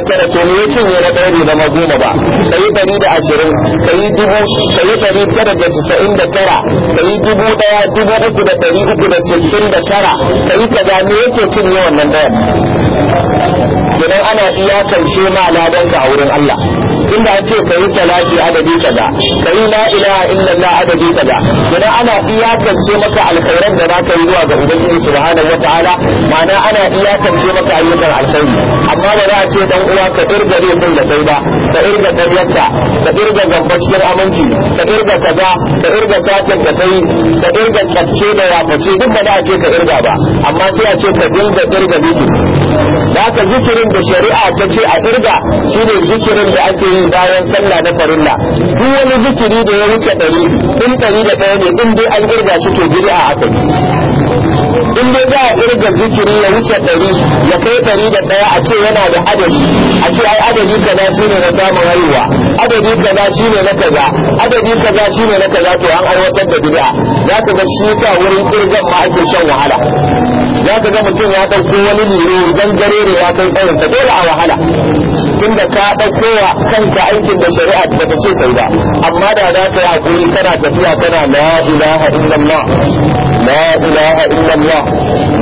tara to me yake ne na ɗari zama goma ba kayi da ashirin kayi dubu tara da casa'in da tara kayi dubu dubu uku da uku da sittin da tara kayi kaza me yake kenan ana iyakance ma ladanka a wurin Allah tun da an ce ka yi salati adadi kaza ka yi la ilaha illallah adadi kaza idan ana iyakance maka alkhairan da za yi zuwa ga ubangiji subhanahu wataala ma'ana ana iyakance maka ayyukan alkhairi amma ba za a ce dan uwa ka irga zai kun da kai ba ka irga karyarka ka irga gambaciyar aminci ka irga kaza ka irga satin da kai ka irga kacce da yaface duk ba za a ce ka irga ba amma sai a ce ka dinga irga zikiri da aka zikirin da shari'a ta ce a irga shine zikirin da ake yi yi bayan sallah na farilla duk wani zikiri da ya wuce ɗari in ɗari da ɗaya ne in dai an kirga shi to bid'a a yi in dai za a girga zikiri ya wuce ɗari ya kai ɗari da ɗaya a ce yana da adadi a ce ai adadi kaza ne na samun haihuwa adadi kaza ne na kaza adadi kaza ne na kaza to an aiwatar da bid'a za ka ga shi yasa wurin kirgan ma ake shan wahala za ka ga mutum ya ɗauko wani liro zangare ne ya kai tsayinsa dole a wahala da ka ɗauko wa kanka aikin da shari'a ba ta ce kai ba amma da za ka yi hakuri kana tafiya kana la ilaha illallah la ilaha illallah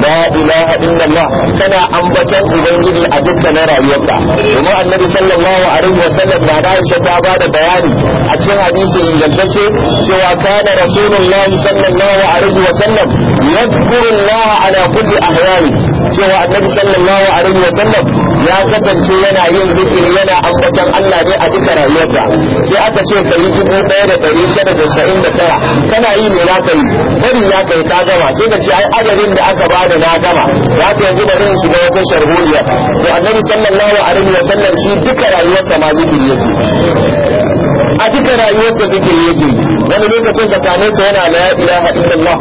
la ilaha illallah kana ambaton ubangiji a na rayuwarka domin annabi sallallahu alaihi wasallam na da Aisha ta ba da bayani a cikin hadisi ingantacce cewa kana rasulullah sallallahu alaihi wasallam yadhkuru Allah ala kulli ahyani cewa annabi sallallahu alaihi wasallam ya kasance yana yin zikiri yana ambaton Allah ne a duka rayuwarsa sai aka ce ka yi dubu ɗaya da ɗari tara da sa'in da tara kana yi ne na kai bari na kai ka gama sai ka ce ai adadin da aka bada na gama za ka yanzu bari in shiga wata sharholiya to annabi sallallahu alaihi wa sallam shi duka rayuwarsa ma zikiri yake a duka rayuwarsa zikiri yake wani lokacin ka same sa yana la ilaha illallah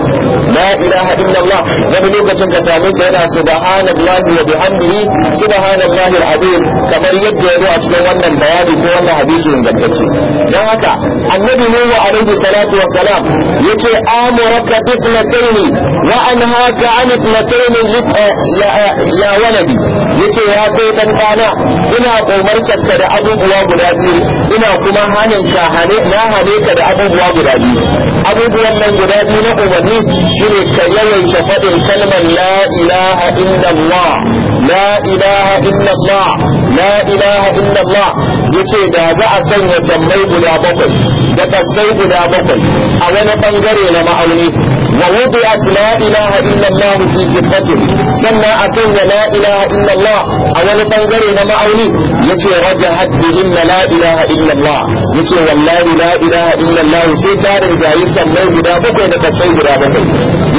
la ilaha illallah wani lokacin ka same sa yana subhanallahi wa bihamdihi subhanallahi alazim kamar yadda ya zo a cikin wannan bayani ko wannan hadisi ingantacce don haka annabi nuhu alaihi salatu wa salam yace amuraka bi ithnatayn wa anhaaka an ithnatayn ya eh, eh, waladi yace ya kai dan ina umartar ka da abubuwa guda biyu ina kuma hanin ka hane na hane ka da abubuwa guda biyu abubuwan nan guda biyu na umarni shine ka yawaita faɗin kalmar la ilaha illallah la ilaha illallah la ilaha illallah yace da za a sanya sammai guda bakwai da kasai guda bakwai a wani bangare na ma'auni ووضعت لا إله إلا الله في جبته سنة أسنى لا إله إلا الله أولا تنظري نما أولي يتي رجحت بهن لا إله إلا الله يتي والله لا إله إلا الله سيتار جايسا من بدا بكوين تسوي بدا بكوين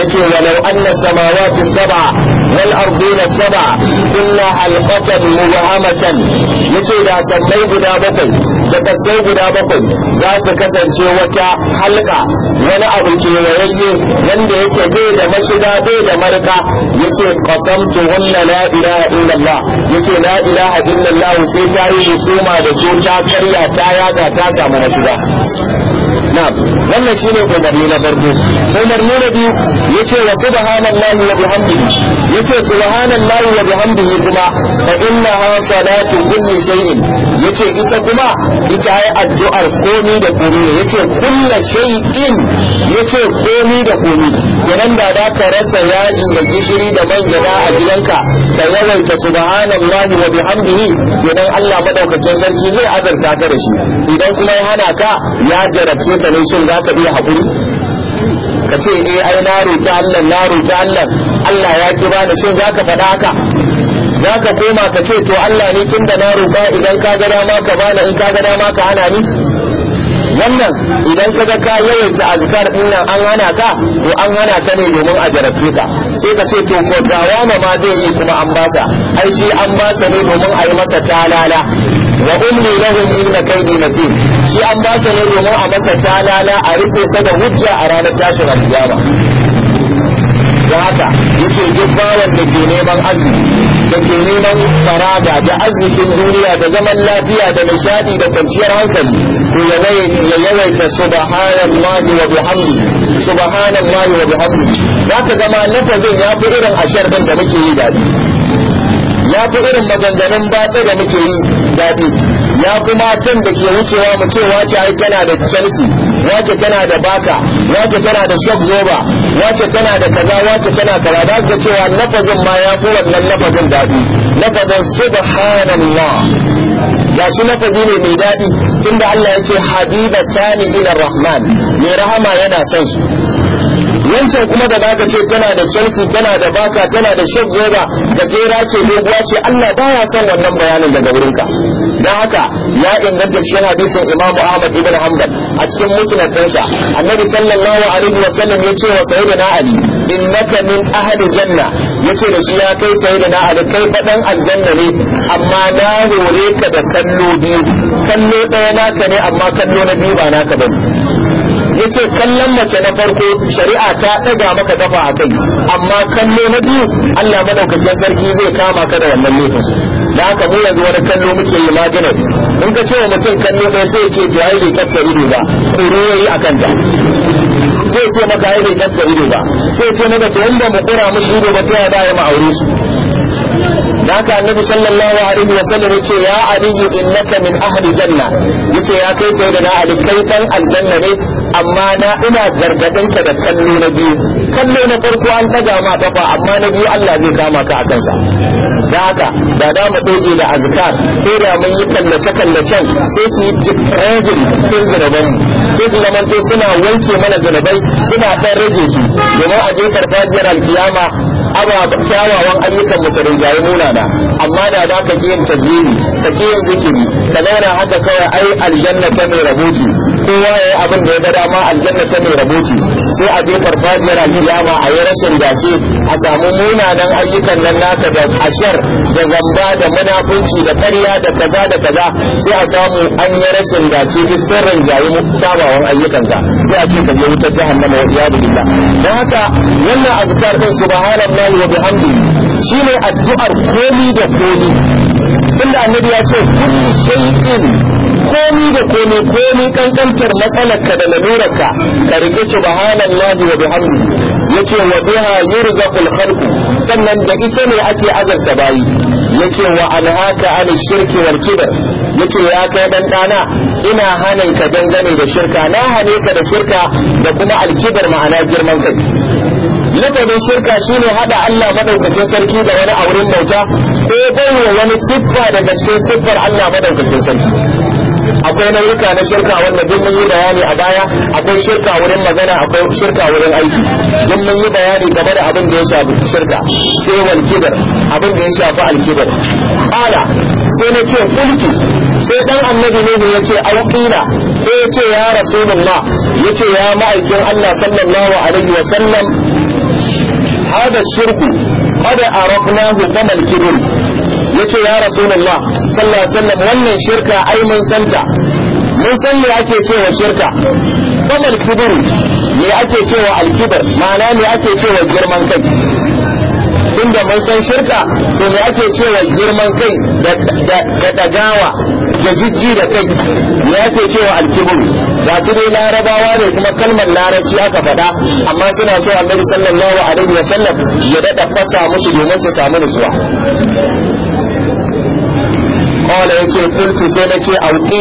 يتي ولو أن السماوات السبع والأرضين السبع كل حلقة مبهمة يتي لا سمي بدا بكوين da kasai guda bakwai za su kasance wata halka wani abu kewayayye wanda yake bai da mashiga bai da marka yace qasamtu hunna la ilaha illallah yace la ilaha illallah sai ta yi suma da su ta karya ta yaga ta samu mashiga na'am wannan shine umarni na farko umarni na biyu yace wa subhanallahi wa bihamdihi yace subhanallahi wa bihamdihi kuma fa inna salatu kulli shay'in yace ita kuma ita ai addu'ar komi da komi yace kulli shay'in yace komi da komi kenan da da ka rasa yaji da gishiri da man a gidanka ka yawaita subhanallahi wa bihamdihi kenan Allah madaukakin sarki zai azarta ka da shi idan kuma ya hana ka ya jarabce ka ne shin za ka iya haƙuri ka ce eh ai na roƙi Allah na roƙi Allah Allah ya ki bani shin zaka faɗa haka zaka koma ka ce to Allah ne tunda na roƙa idan ka ga dama ka bani in ka ga dama ka hana ni wannan idan ka ga ka yawaita azkar din nan an hana ka to an hana ka ne domin a jarabce ka sai ka ce to ko ga ma zai yi kuma an basa ai shi an basa ne domin a yi masa talala wa umli lahum inna kaydi matin shi an ba sa ne domin a masa talala a rike sa da hujja a ranar tashin alkiyama da haka yace duk bawan da ke neman arziki da ke neman faraga da arzikin duniya da zaman lafiya da nishadi da kwanciyar hankali ko ya yawaita subhanallahi wa bihamdi subhanallahi wa bihamdi zaka zama lafazin zai yafi irin ashar da muke yi dadi ya fi irin maganganun batsa da muke yi daɗi ya fi matan da ke wucewa mu ce wace ai tana da chelsea wace tana da baka wace tana da shock zoba wace tana da kaza wace tana kaza da ka cewa lafazin ma ya fi wannan lafazin daɗi lafazin subhanallah ga shi lafazi ne mai daɗi tunda Allah ya ce Habiba ni ila rahman mai rahama yana son su wancan kuma da baka ce tana da chelsea tana da baka tana da shek zoba gajera ce doguwa ce allah baya son wannan bayanin daga wurinka don haka ya inganta shi hadisin imamu ahmad ibn hanbal a cikin musnad ɗansa annabi sallallahu alaihi wa sallam ya ce wa sayyidina ali innaka min ahli janna yace da shi ya kai sayyidina ali kai fadan aljanna ne amma na hore ka da kallo biyu kallo ɗaya naka ne amma kallo na biyu ba naka bane ya ce kallon mace na farko shari'a ta ɗaga maka kafa a kai amma kallo na biyu Allah madaukakin sarki zai kama ka da wannan laifin da haka mu yanzu wani kallo muke yi magana. in ka ce wa mutum kallo ɗaya sai ya ce to ai bai kafta ido ba ko ya yi a kanta sai ce maka ai bai kafta ido ba sai ce maka to inda mu kura mu shiru ba ta da ya mu aure su da haka annabi sallallahu alaihi wa sallam yace ya aliyu innaka min ahli janna yace ya kai sai da na ali kai dan aljanna ne amma na ina gargaɗin ka da kallo na biyu kallo na farko an ɗaga ma kafa amma na biyu Allah zai kama ka a kansa da haka da da mu ɗoge da azkar ko da mun yi kallace kallacen sai su yi rajin ɗin zanaban sai su zamanto suna wanke mana zanabai suna ɗan rage su domin a je farfajiyar alkiyama aba kyawawan ayyukan musulun jayi da. amma da da ka yin tasiri ka yin zikiri ka zauna haka kawai ai aljanna ta mai rabuci kowa ya yi abin da ya ga dama aljanna ta mai rabuci sai a je farfajiyar alkiyama a yi rashin dace a samu munanan ayyukan nan naka da ashar da zamba da munafunci da karya da kaza da kaza sai a samu an yi rashin dace duk sirrin jayi kyawawan ayyukanka sai a ce ka je wutar jahannama wa iyadu billah don haka wannan azkar din subhanallahi wa bihamdihi shine addu'ar komi da komi tunda annabi ya ce kulli shay'in komi da komi komi kankantar matsalarka da lalurarka ka rike subhanallahi wa bihamdihi yace wa biha yurzaqul khalq sannan da ita ne ake azarta bayi yace wa alhaka an shirki wal kibr yace ya kai dan dana ina hanin ka dangane da shirka na hane ka da shirka da kuma alkibar ma'ana girman kai lafazin shirka shine hada Allah madaukakin sarki da wani auren bauta ko baiwa wani siffa daga cikin siffar Allah madaukakin sarki akwai nau'ika na shirka wanda duk mun yi bayani a baya akwai shirka wurin magana akwai shirka wurin aiki duk mun yi bayani game da abin da ya shafi shirka sai wal kibir abin da ya shafi al kibir qala sai na ce kulki sai dan annabi ne ya ce auqila ko ya ce ya rasulullah ya ce ya ma'aikin Allah sallallahu alaihi wa sallam hada shirku kada arafnahu kamal kibir yace ya rasulullah sallallahu alaihi wasallam wannan shirka ai mun santa mun san me ake cewa shirka kamal kibir me ake cewa alkibar ma'ana me ake cewa girman kai tunda mun san shirka to me ake cewa girman kai da dagawa ya jijji da kai ya ke cewa alkibul ba su dai larabawa ne kuma kalmar larabci aka faɗa amma suna so annabi sallallahu alaihi wa sallam ya dada fasa musu domin su samu nutsuwa kawai ya ce kultu sai na ce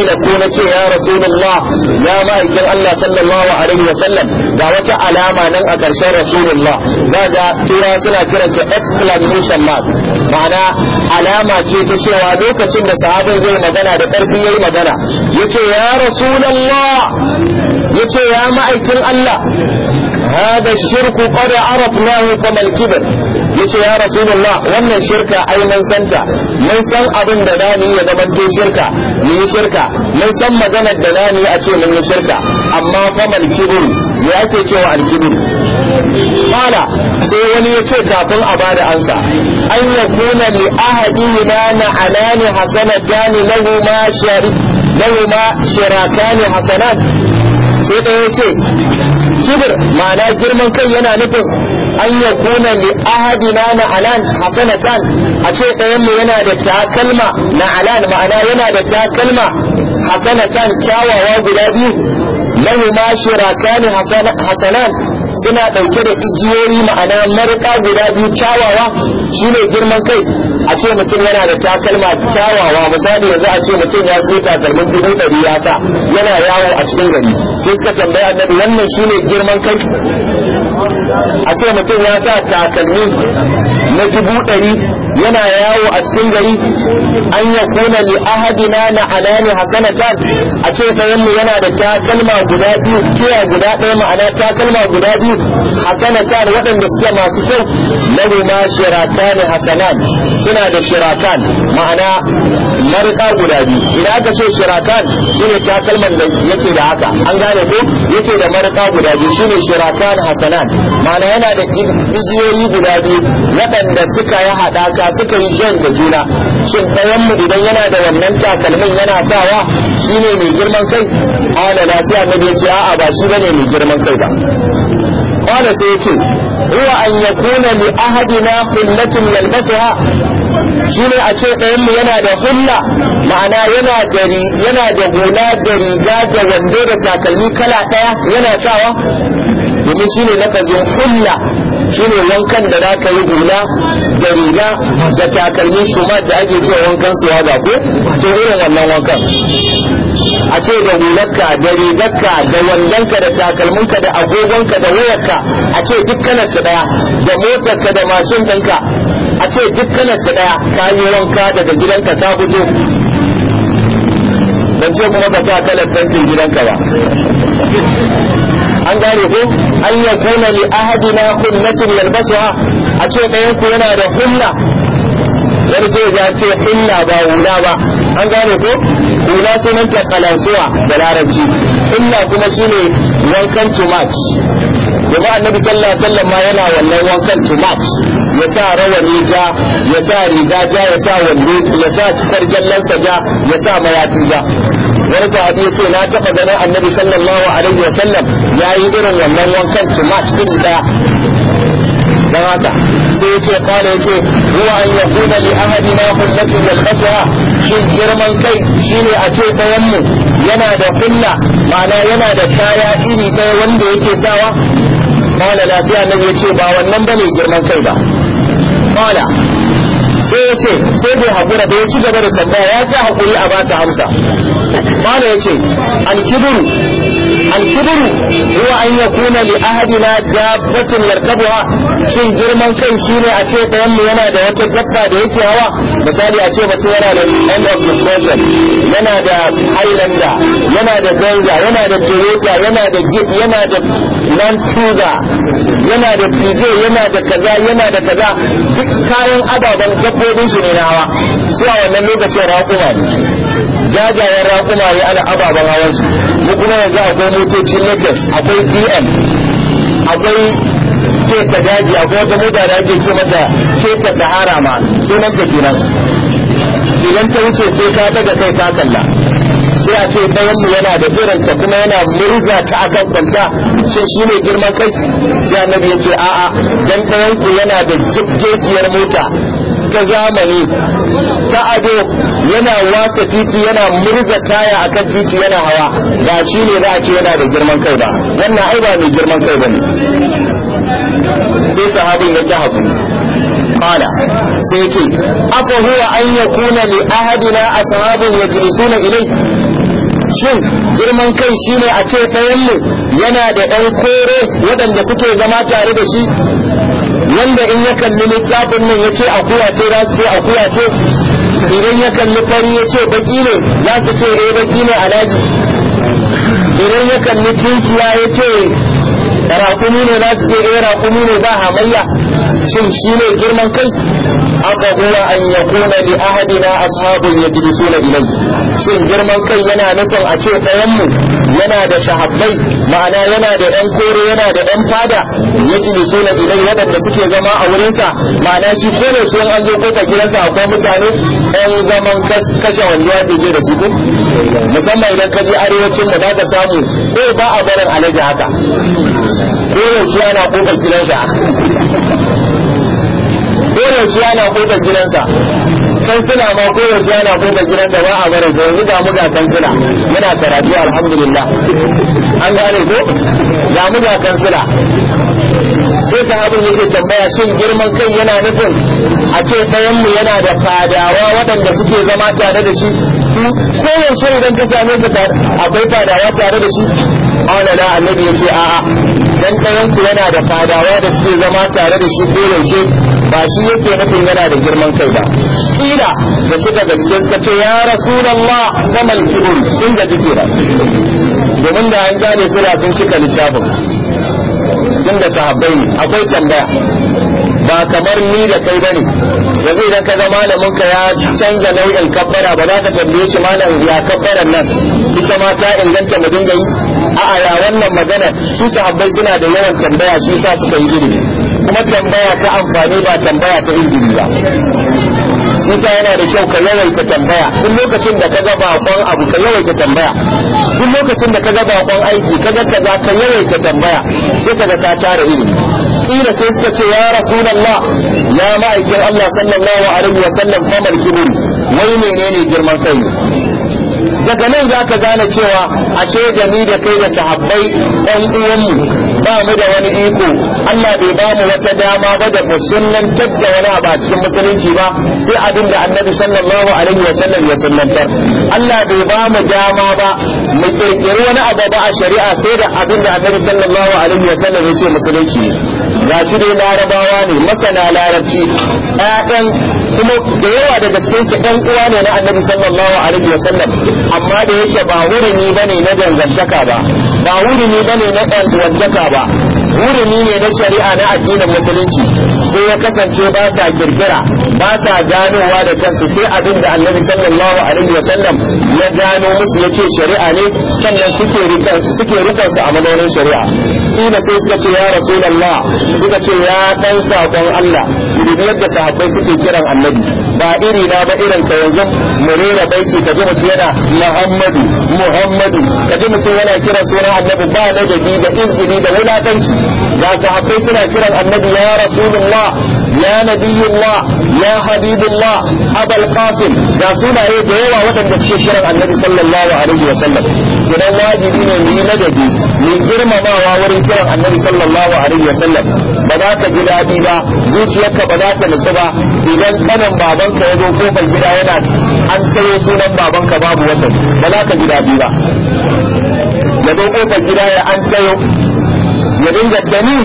da ko na ce ya rasulullah ya ma'aikin allah sallallahu alaihi wa sallam ga wata alama nan a karshen rasulullah ba ga tura suna kiranta exclamation mark Mana alama ce ta cewa lokacin da sahabin zai magana da ƙarfi yayi magana yace ya rasulullah yace ya ma'aikin Allah hada shirku qad arafnahu kama al-kibr yace ya rasulullah wannan shirka ai mun santa mun san abin da zamu ya zama to shirka mun shirka mun san maganar da zamu a ce mun shirka amma kama al-kibr ya ake cewa al-kibr kala sai wani ya ce kafin a bada ansa an yakuna li ahadihima na anani hasanatani lahu ma lahu ma shirakani hasanat sai da ya ce kibir ma'ana girman kai yana nufin an yakuna li ahadina na anan hasanatan a ce ɗayan mu yana da takalma na alan ma'ana yana da takalma hasanatan kyawawa guda biyu lahu ma shirakani hasanan suna ɗauke da igiyoyi ma'ana marka guda biyu kyawawa shine girman kai a ce mutum yana da takalma kyawawa misali yanzu a ce mutum ya sai takalmin dubu ɗari ya sa yana yawo a cikin gari sai suka tambaya da wannan shine girman kai a ce mutum ya sa takalmi na dubu ɗari yana yawo a cikin gari an ya kuna li ahadina na alani hasanatan a ce mu yana da takalma guda biyu kira guda ɗaya ma'ana takalma guda biyu hasanatan waɗanda suke masu kyau na ma shirakan hasanan suna da shirakan ma'ana marika guda biyu idan aka ce shirakan shine takalman da yake da haka an gane ko yake da marika guda biyu shine shirakan hasanan ma'ana yana da igiyoyi guda biyu waɗanda waɗanda suka yi haɗaka suka yi jan da juna shin ɗayanmu idan yana da wannan takalmin yana sawa shine mai girman kai ana na sai annabi ya ce a'a ba shi bane mai girman kai ba qala sai ya ce huwa an yakuna li ahadina hullatun yalbasuha shine a ce ɗayanmu yana da hulla ma'ana yana da yana da hula da riga da wando da takalmi kala ɗaya yana sawa domin shine lafazin hulla shine wankan da za ka yi hula da riga da takalmi tumat da ake cewa wankan su ga ko to irin wannan wankan a ce da hularka da rigarka da wandonka da takalminka da agogonka da wayarka a ce dukkanin su daya da motarka da mashin ɗinka a ce dukkanin su daya ka yi wanka daga gidanka ka fito ban ce kuma ka sa kalar fentin gidanka ba an gane ko an yakuna li na khullatun yalbasuha a ce ɗayan ku yana da hunna wani sai ya ce hulla ba hula ba an gane ko hula sunan ta kalansuwa da larabci hunna kuma shine wankan too much domin annabi sallallahu alaihi wasallam ma yana wannan wankan too much ya sa rawani ja ya sa riga ja ya sa wando ya sa cikar jallansa ja ya sa mayafi ja wani sahabi ya ce na taɓa ganin annabi sallallahu alaihi wa sallam ya yi irin wannan wankan tumat iri ɗaya da haka sai ya ce kwana ya ce huwa an ya kuna li ahadi na hullatin yalbasuwa shi girman kai shine a ce ɗayanmu yana da kunna ma'ana yana da kaya iri ɗaya wanda yake sawa kwana lafiya nan ya ce ba wannan ba ne girman kai ba kwana sai ya ce sai bai haƙura da ya ci gaba da tambaya ya ga haƙuri a ba ta mana yace al-kibru al-kibru huwa an yakuna li ahadina dabbatun yarkabuha shin girman kai shine a ce ɗayan mu yana da wata dabba da yake hawa misali a ce mutum yana da end of suspension yana da highlander yana da gonza yana da toyota yana da jeep yana da land cruiser yana da pj yana da kaza yana da kaza duk kayan ababen dabbobin shi ne na hawa suwa a wannan lokacin raƙuma ne jajayen raƙuma ya ana ababen su mu kuma yanzu akwai motocin lagos akwai bm akwai keta daji akwai wata mota da ake ce mata keta sahara ma sunan tafi nan idan ta wuce sai ka daga kai ka kalla sai a ce bayan mu yana da ta kuma yana murza ta akan kwanta shi ne girman kai sai annabi ya ce a'a dan ɗayan ku yana da jibgegiyar mota ta zamani ta ado yana wasa titi yana murza taya akan titi yana hawa ba shi ne za a ce yana da girman kai ba wannan ai ba mai girman kai ba ne sai sahabin ya ji hakuri qala sai ce afa huwa an yakuna li ahadina ashabun yajlisuna ilai shin girman kai shine a ce ɗayan mu yana da ɗan kore waɗanda suke zama tare da shi wanda in ya kalli littafin nan ya ce akuya ce za su ce akuya ce idan ya kalli fari ya ce baki ne za su ce eh baki ne alhaji idan ya kalli tunkiya ya ce raƙumi ne za su ce eh raƙumi ne ba hamayya shin shi ne girman kai aka huwa an ya kuna li ahadina ashabun suna ilai shin girman kai yana nufin a ce ɗayanmu yana da sahabbai ma'ana yana da ɗan kore yana da ɗan fada Ya yajlisuna ilai waɗanda suke zama a wurinsa ma'ana shi ko ne an zo kofa gidansa akwai mutane ɗan zaman kashe wanduwa da ke da su ko musamman idan ka je arewacin mu za ka samu ko eh, ba a barin alaji haka ko yaushe ana kofa gidansa koyaushe yana kofar gidansa kansila ma koyaushe yana kofar gidansa ba a bari yanzu ga mu ga kansila yana karatu alhamdulillah an gane ko ga mu ga kansila sai ta abin yake tambaya shin girman kai yana nufin a ce ɗayan mu yana da fadawa waɗanda suke zama tare da shi koyaushe idan ka same ka akwai fadawa tare da shi ana na annabi ya ce a'a dan ɗayan ku yana da fadawa da suke zama tare da shi koyaushe ba shi yake nufin yana da girman kai ba kila da suka gaske suka ce ya rasulullah kamar kibir sun gaji kira domin da an gane sura sun cika littafin tun da sahabbai ne akwai tambaya ba kamar ni da kai bane yanzu idan ka ga malamin ka ya canza nau'in kabbara ba za ka tambaye shi malam ya kabbaran nan ita ma ta inganta mu dinga yi a'a ya wannan magana su sahabbai suna da yawan tambaya shi sa suka yi ilimi kuma tambaya ta amfani ba tambaya ta izini ba sisa yana da kyau ka yawaita tambaya duk lokacin da ka ga bakon abu ka yawaita tambaya duk lokacin da ka ga bakon aiki ka ga kaza ka yawaita tambaya sai ka ga ka tara ilimi kila sai suka ce ya rasulullah ya ma'aikin Allah sallallahu alaihi wa sallam kamar kibir wai menene girman kai daga nan za ka gane cewa ashe da ni da kai da sahabbai ɗan uwanmu ba mu da wani iko Allah bai ba mu wata dama ba da mu sunnantar da wani abu a cikin musulunci ba sai abin da annabi sallallahu alaihi wa sallam ya sunnantar Allah bai ba mu dama ba mu kirkiri wani abu ba a shari'a sai da abin da annabi sallallahu alaihi wa sallam ya ce musulunci ga shi dai larabawa ne masana larabci ƴaƴan kuma da yawa daga cikin su ɗan uwa ne na annabi sallallahu alaihi wasallam amma da yake ba hurumi bane na dangantaka ba ba hurumi bane na dangantaka ba hurumi ne na shari'a na addinin musulunci sai ya kasance ba sa kirkira ba sa ganowa da kansu sai abin da annabi sallallahu alaihi wa sallam ya gano musu yace shari'a ne sannan suke rikan suke su a manonin shari'a kila sai suka ce ya rasulullah suka ce ya dan sakon Allah yadda sahabbai suke kiran annabi ba iri na ba irin ka yanzu mu rera baiti ka ji mutum yana Muhammadu Muhammadu ka ji mutum yana kira sunan annabi ba ladabi da izini da wulakanci ga sahabbai suna kiran annabi ya rasulullah ya nabiyullah ya habibullah abul qasim ga sunaye da yawa waɗanda suke kiran annabi sallallahu alaihi wa sallam idan wajibi ne mu yi ladabi mu girmamawa wurin kiran annabi sallallahu alaihi wa sallam ba za ka ji daɗi ba zuciyarka ba za ta nutsu ba idan kanan babanka ya zo kofar gida yana an ciro sunan babanka babu wata ba za ka ji daɗi ba ya zo kofar gida ya an ciro ya dinga tani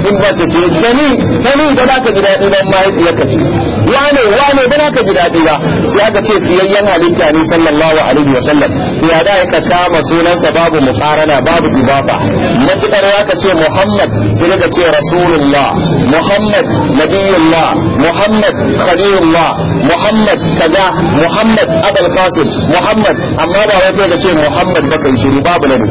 in ta ce ta ni ba za ka ji daɗi don mahaifiyarka ce wane wane ba za ka ji daɗi ba sai aka ce fiyayyen halitta ne sallallahu alaihi wa sallam ya da ya kama sunansa babu mufarana babu ibafa matukar ya ka ce muhammad sai ka ce rasulullah muhammad nabiyullah muhammad khalilullah muhammad kaza muhammad abul qasim muhammad amma da wai ka ce muhammad ba kai shiru babu nabi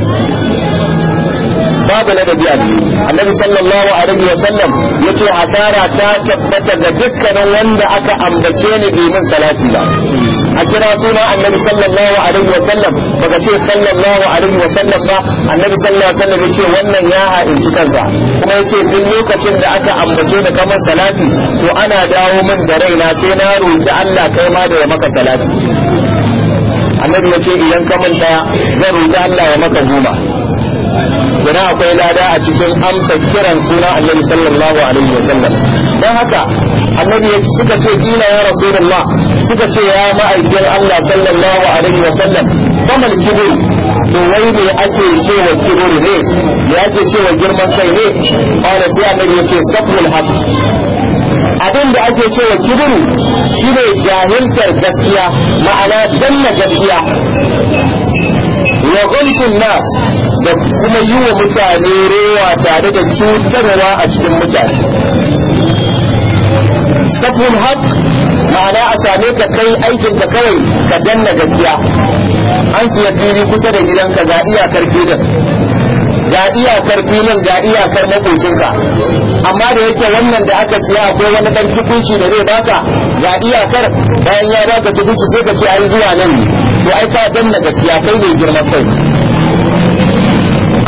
babu ladabi a ciki annabi sallallahu alaihi wa sallam yace asara ta tabbata ga dukkanin wanda aka ambace ni domin salati ba a kira suna annabi sallallahu alaihi wa sallam baka ce sallallahu alaihi wa sallam ba annabi sallallahu alaihi wa sallam yace wannan ya ha'inci kansa kuma yace duk lokacin da aka ambace ni kamar salati to ana dawo min da raina sai na roki Allah kai ma da ya maka salati annabi yace idan ka manta zan roki Allah ya maka goma kenan akwai lada a cikin amsa kiran suna annabi sallallahu alaihi wasallam don haka annabi suka ce kila ya rasulullah suka ce ya ma'aikin Allah sallallahu alaihi wasallam famal kibir to wai ne ake cewa kibir ne me ake cewa girman kai ne kana sai annabi ya ce saful haq abin da ake cewa kibiru shine jahiltar gaskiya ma'ana danna gaskiya wa nas da kuma yi wa mutane rewa tare da cutarwa a cikin mutane safin haq ma'ana a same ka kai aikin ka kawai ka danna gaskiya an siya fili kusa da gidanka ga iyakar filin ga iyakar filin ga iyakar makocinka amma da yake wannan da aka siya akwai wani dan tukunci da zai baka ga iyakar bayan ya baka tukunci sai ka ce ai zuwa nan ne to ai ka na gaskiya kai ne girman kai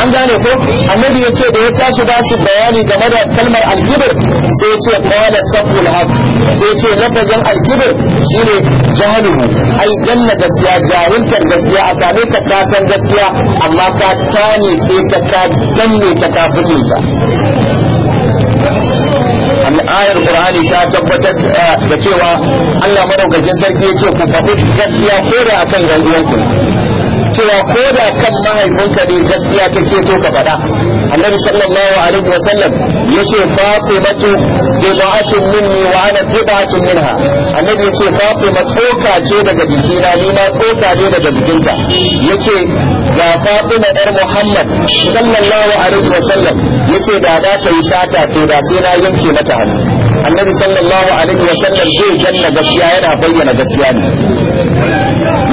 an gane ko annabi ya ce da ya tashi ba su bayani game da kalmar alkibir sai ya ce kawala saful haq sai ya ce lafazin alkibir shine jahilu ai janna gaskiya jahiltar gaskiya a same ka ka gaskiya amma ka tani sai ta ka danne ta ka ta ayar qur'ani ta tabbatar eh, da cewa Allah madaukakin sarki ya ce ku faɗi gaskiya ko da akan rayuwarku cewa ko da kan mahaifinka ne gaskiya take to ka faɗa annabi sallallahu alaihi wa sallam yace fatimatu bid'atun minni wa ana bid'atun minha annabi yace fatima tsoka ce daga jikina ni ma tsoka ne daga jikinta yace ga fatima yar muhammad sallallahu alaihi wasallam yace da da ta yi sata to da sai na yanke mata hannu annabi sallallahu alaihi wasallam zai janna gaskiya yana bayyana gaskiya ne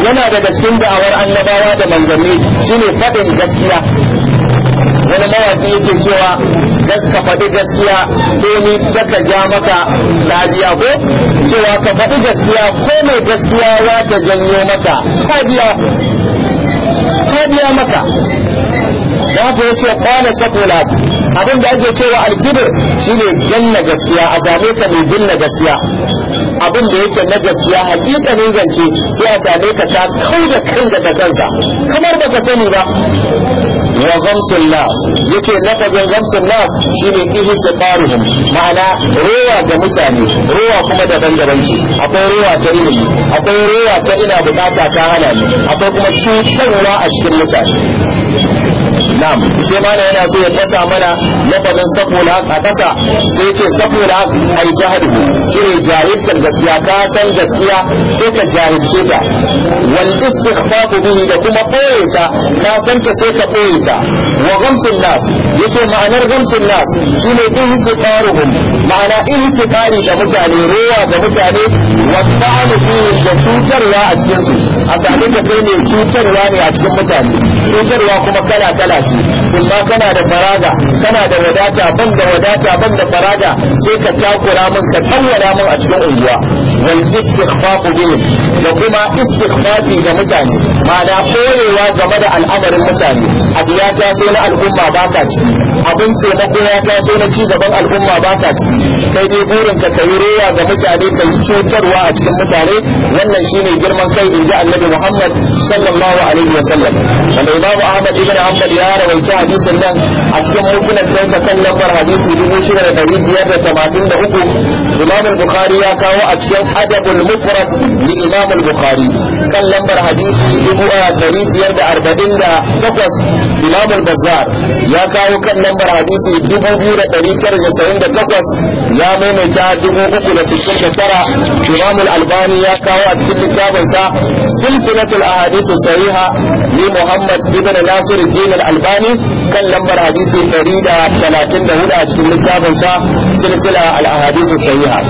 yana daga cikin da'awar annabawa da manzanni shine faɗin gaskiya wani mawaki yake cewa ka faɗi gaskiya domin taka ja maka lajiya ko cewa ka faɗi gaskiya ko mai gaskiya za ta janyo maka lajiya ya biya maka da haka ya ce kwana sakulat abin da ake cewa alkibir shine janna gaskiya a same ka mai danna gaskiya abin da yake na gaskiya hakikanin zance sai a same ka ta kau da kai daga kansa kamar baka sani ba wa ghamsun nas yace lafazin ghamsun nas shine ihtiqaruhum ma'ana ruwa ga mutane ruwa kuma da daban ce akwai ruwa ta ilimi akwai ruwa ta ina bukata ta hana ni akwai kuma cutarwa a cikin mutane na'am sai mana yana so ya fasa mana lafazin saful a kasa sai ya ce saful ai ai shi ne jahilcin gaskiya ka san gaskiya sai ka jahilce ta wal istighfaru bihi da kuma koye ta ka san ta sai ka koye ta wa gamsun nas yace ma'anar gamsun nas shine ihtiqaruhum ma'ana ihtiqari da mutane rowa da mutane wa ta'anu da cutarwa a cikin su a sami ka kai ne cutarwa ne a cikin mutane cutarwa kuma kala kala ce kuma kana da faraga kana da wadata ban da wadata ban da faraga sai ka takura min ka tawwala min a cikin unguwa wal istighfafu bihim da kuma istighfafi ga mutane ma'ana korewa game da al'amarin mutane abu ya so na al'umma ba ka ciki abin taimako ya so na ci gaban al'umma ba ka ciki kai dai burin ka kai rowa ga mutane ka yi cutarwa a cikin mutane wannan shine girman kai in ji annabi Muhammad sallallahu alaihi wasallam imamu ahmad ibn hanbal ya rawaita hadisin nan a cikin musnad sansa kan lambar hadisi dubu shida da dari biyar da tamanin da uku imam bukhari ya kawo a cikin adabul mufrad li imam bukhari kan lambar hadisi dubu dari biyar da arba'in da takwas imam bazzar ya kawo kan lambar hadisi dubu biyu da dari tara da saba'in da takwas ya maimaita dubu uku da sittin da tara imam albani ya kawo a cikin littafinsa silsilatul ahadithu sahiha li muhammad ibn nasir din albani kan lambar hadisi 134 a cikin littafin sa silsila al ahadith sahiha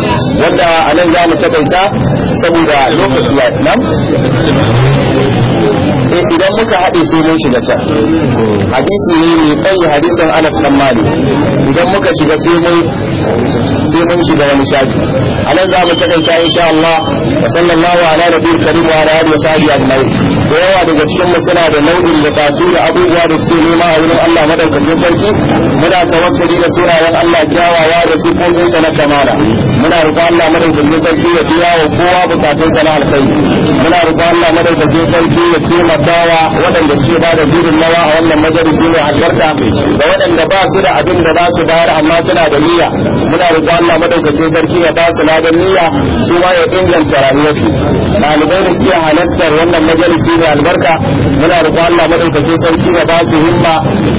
wanda anan za mu takaita saboda lokaci ya nan eh, idan muka haɗe sai mun shiga can hadisi ne mai tsayi hadisin anas dan malik idan muka shiga sai mun sai mun shiga wani shafi anan za mu takaita insha Allah wa sallallahu ala nabiyil karim wa ala alihi wa sahbihi ajma'in da yawa daga cikin mu suna da nau'in bukatu da abubuwa da suke nema a wurin Allah madaukakin sarki muna tawassuli da sunayen Allah kyawawa da sifofinsa na kamala muna roƙon Allah madaukakin sarki ya biya wa kowa bukatunsa na alkhairi muna roƙon Allah madaukakin sarki ya taimakawa waɗanda suke ba da nawa a wannan majalisi mai albarka da waɗanda ba su da abin da za su bayar amma suna da niyya muna roƙon Allah madaukakin sarki ya ba su ladan niyya su ma ya inganta rayuwarsu ɗalibai da suke halartar wannan majalisi mai albarka muna roƙon Allah madaukakin sarki ya ba su himma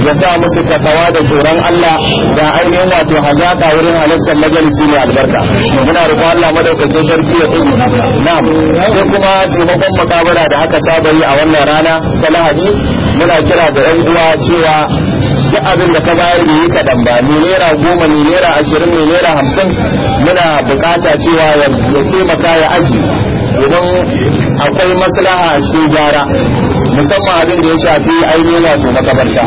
ya sa musu takawa da tsoron Allah da ainihin wato hazaka wurin halartar majalisi mai albarka muna roƙon Allah madaukakin sarki ya inganta na'am sai kuma taimakon makabara da aka saba yi a wannan rana ta Lahadi muna kira da 'yan uwa cewa duk abin da ka bayar da yi kaɗan ba naira goma ne naira ashirin ne naira hamsin muna bukata cewa ya taimaka ya aji idan akwai maslaha a cikin gyara musamman abin da ya shafi aini na wato makabarta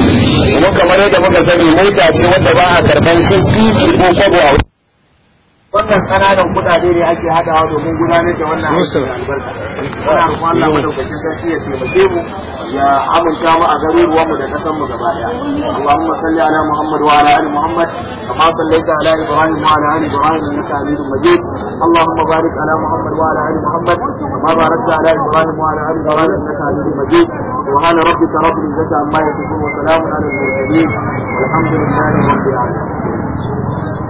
kuma kamar yadda muka sani mota ce wadda ba a karban sun ko kwabo a wannan kananan kudade ne ake hadawa domin gudanar da wannan aikin albarka muna roƙon Allah madaukakin sarki ya taimake mu ya aminta mu a garuruwan mu da kasan mu gaba daya Allahumma salli ala Muhammad wa ala ali Muhammad kama sallaita ala Ibrahim wa ala ali Ibrahim innaka Hamidum Majid Allahumma barik ala Muhammad wa ala ali Muhammad kama barakta ala Ibrahim wa ala ali Ibrahim innaka Hamidum Majid سبحان ربك رب العزة عما يصفون وسلام على المرسلين والحمد لله رب العالمين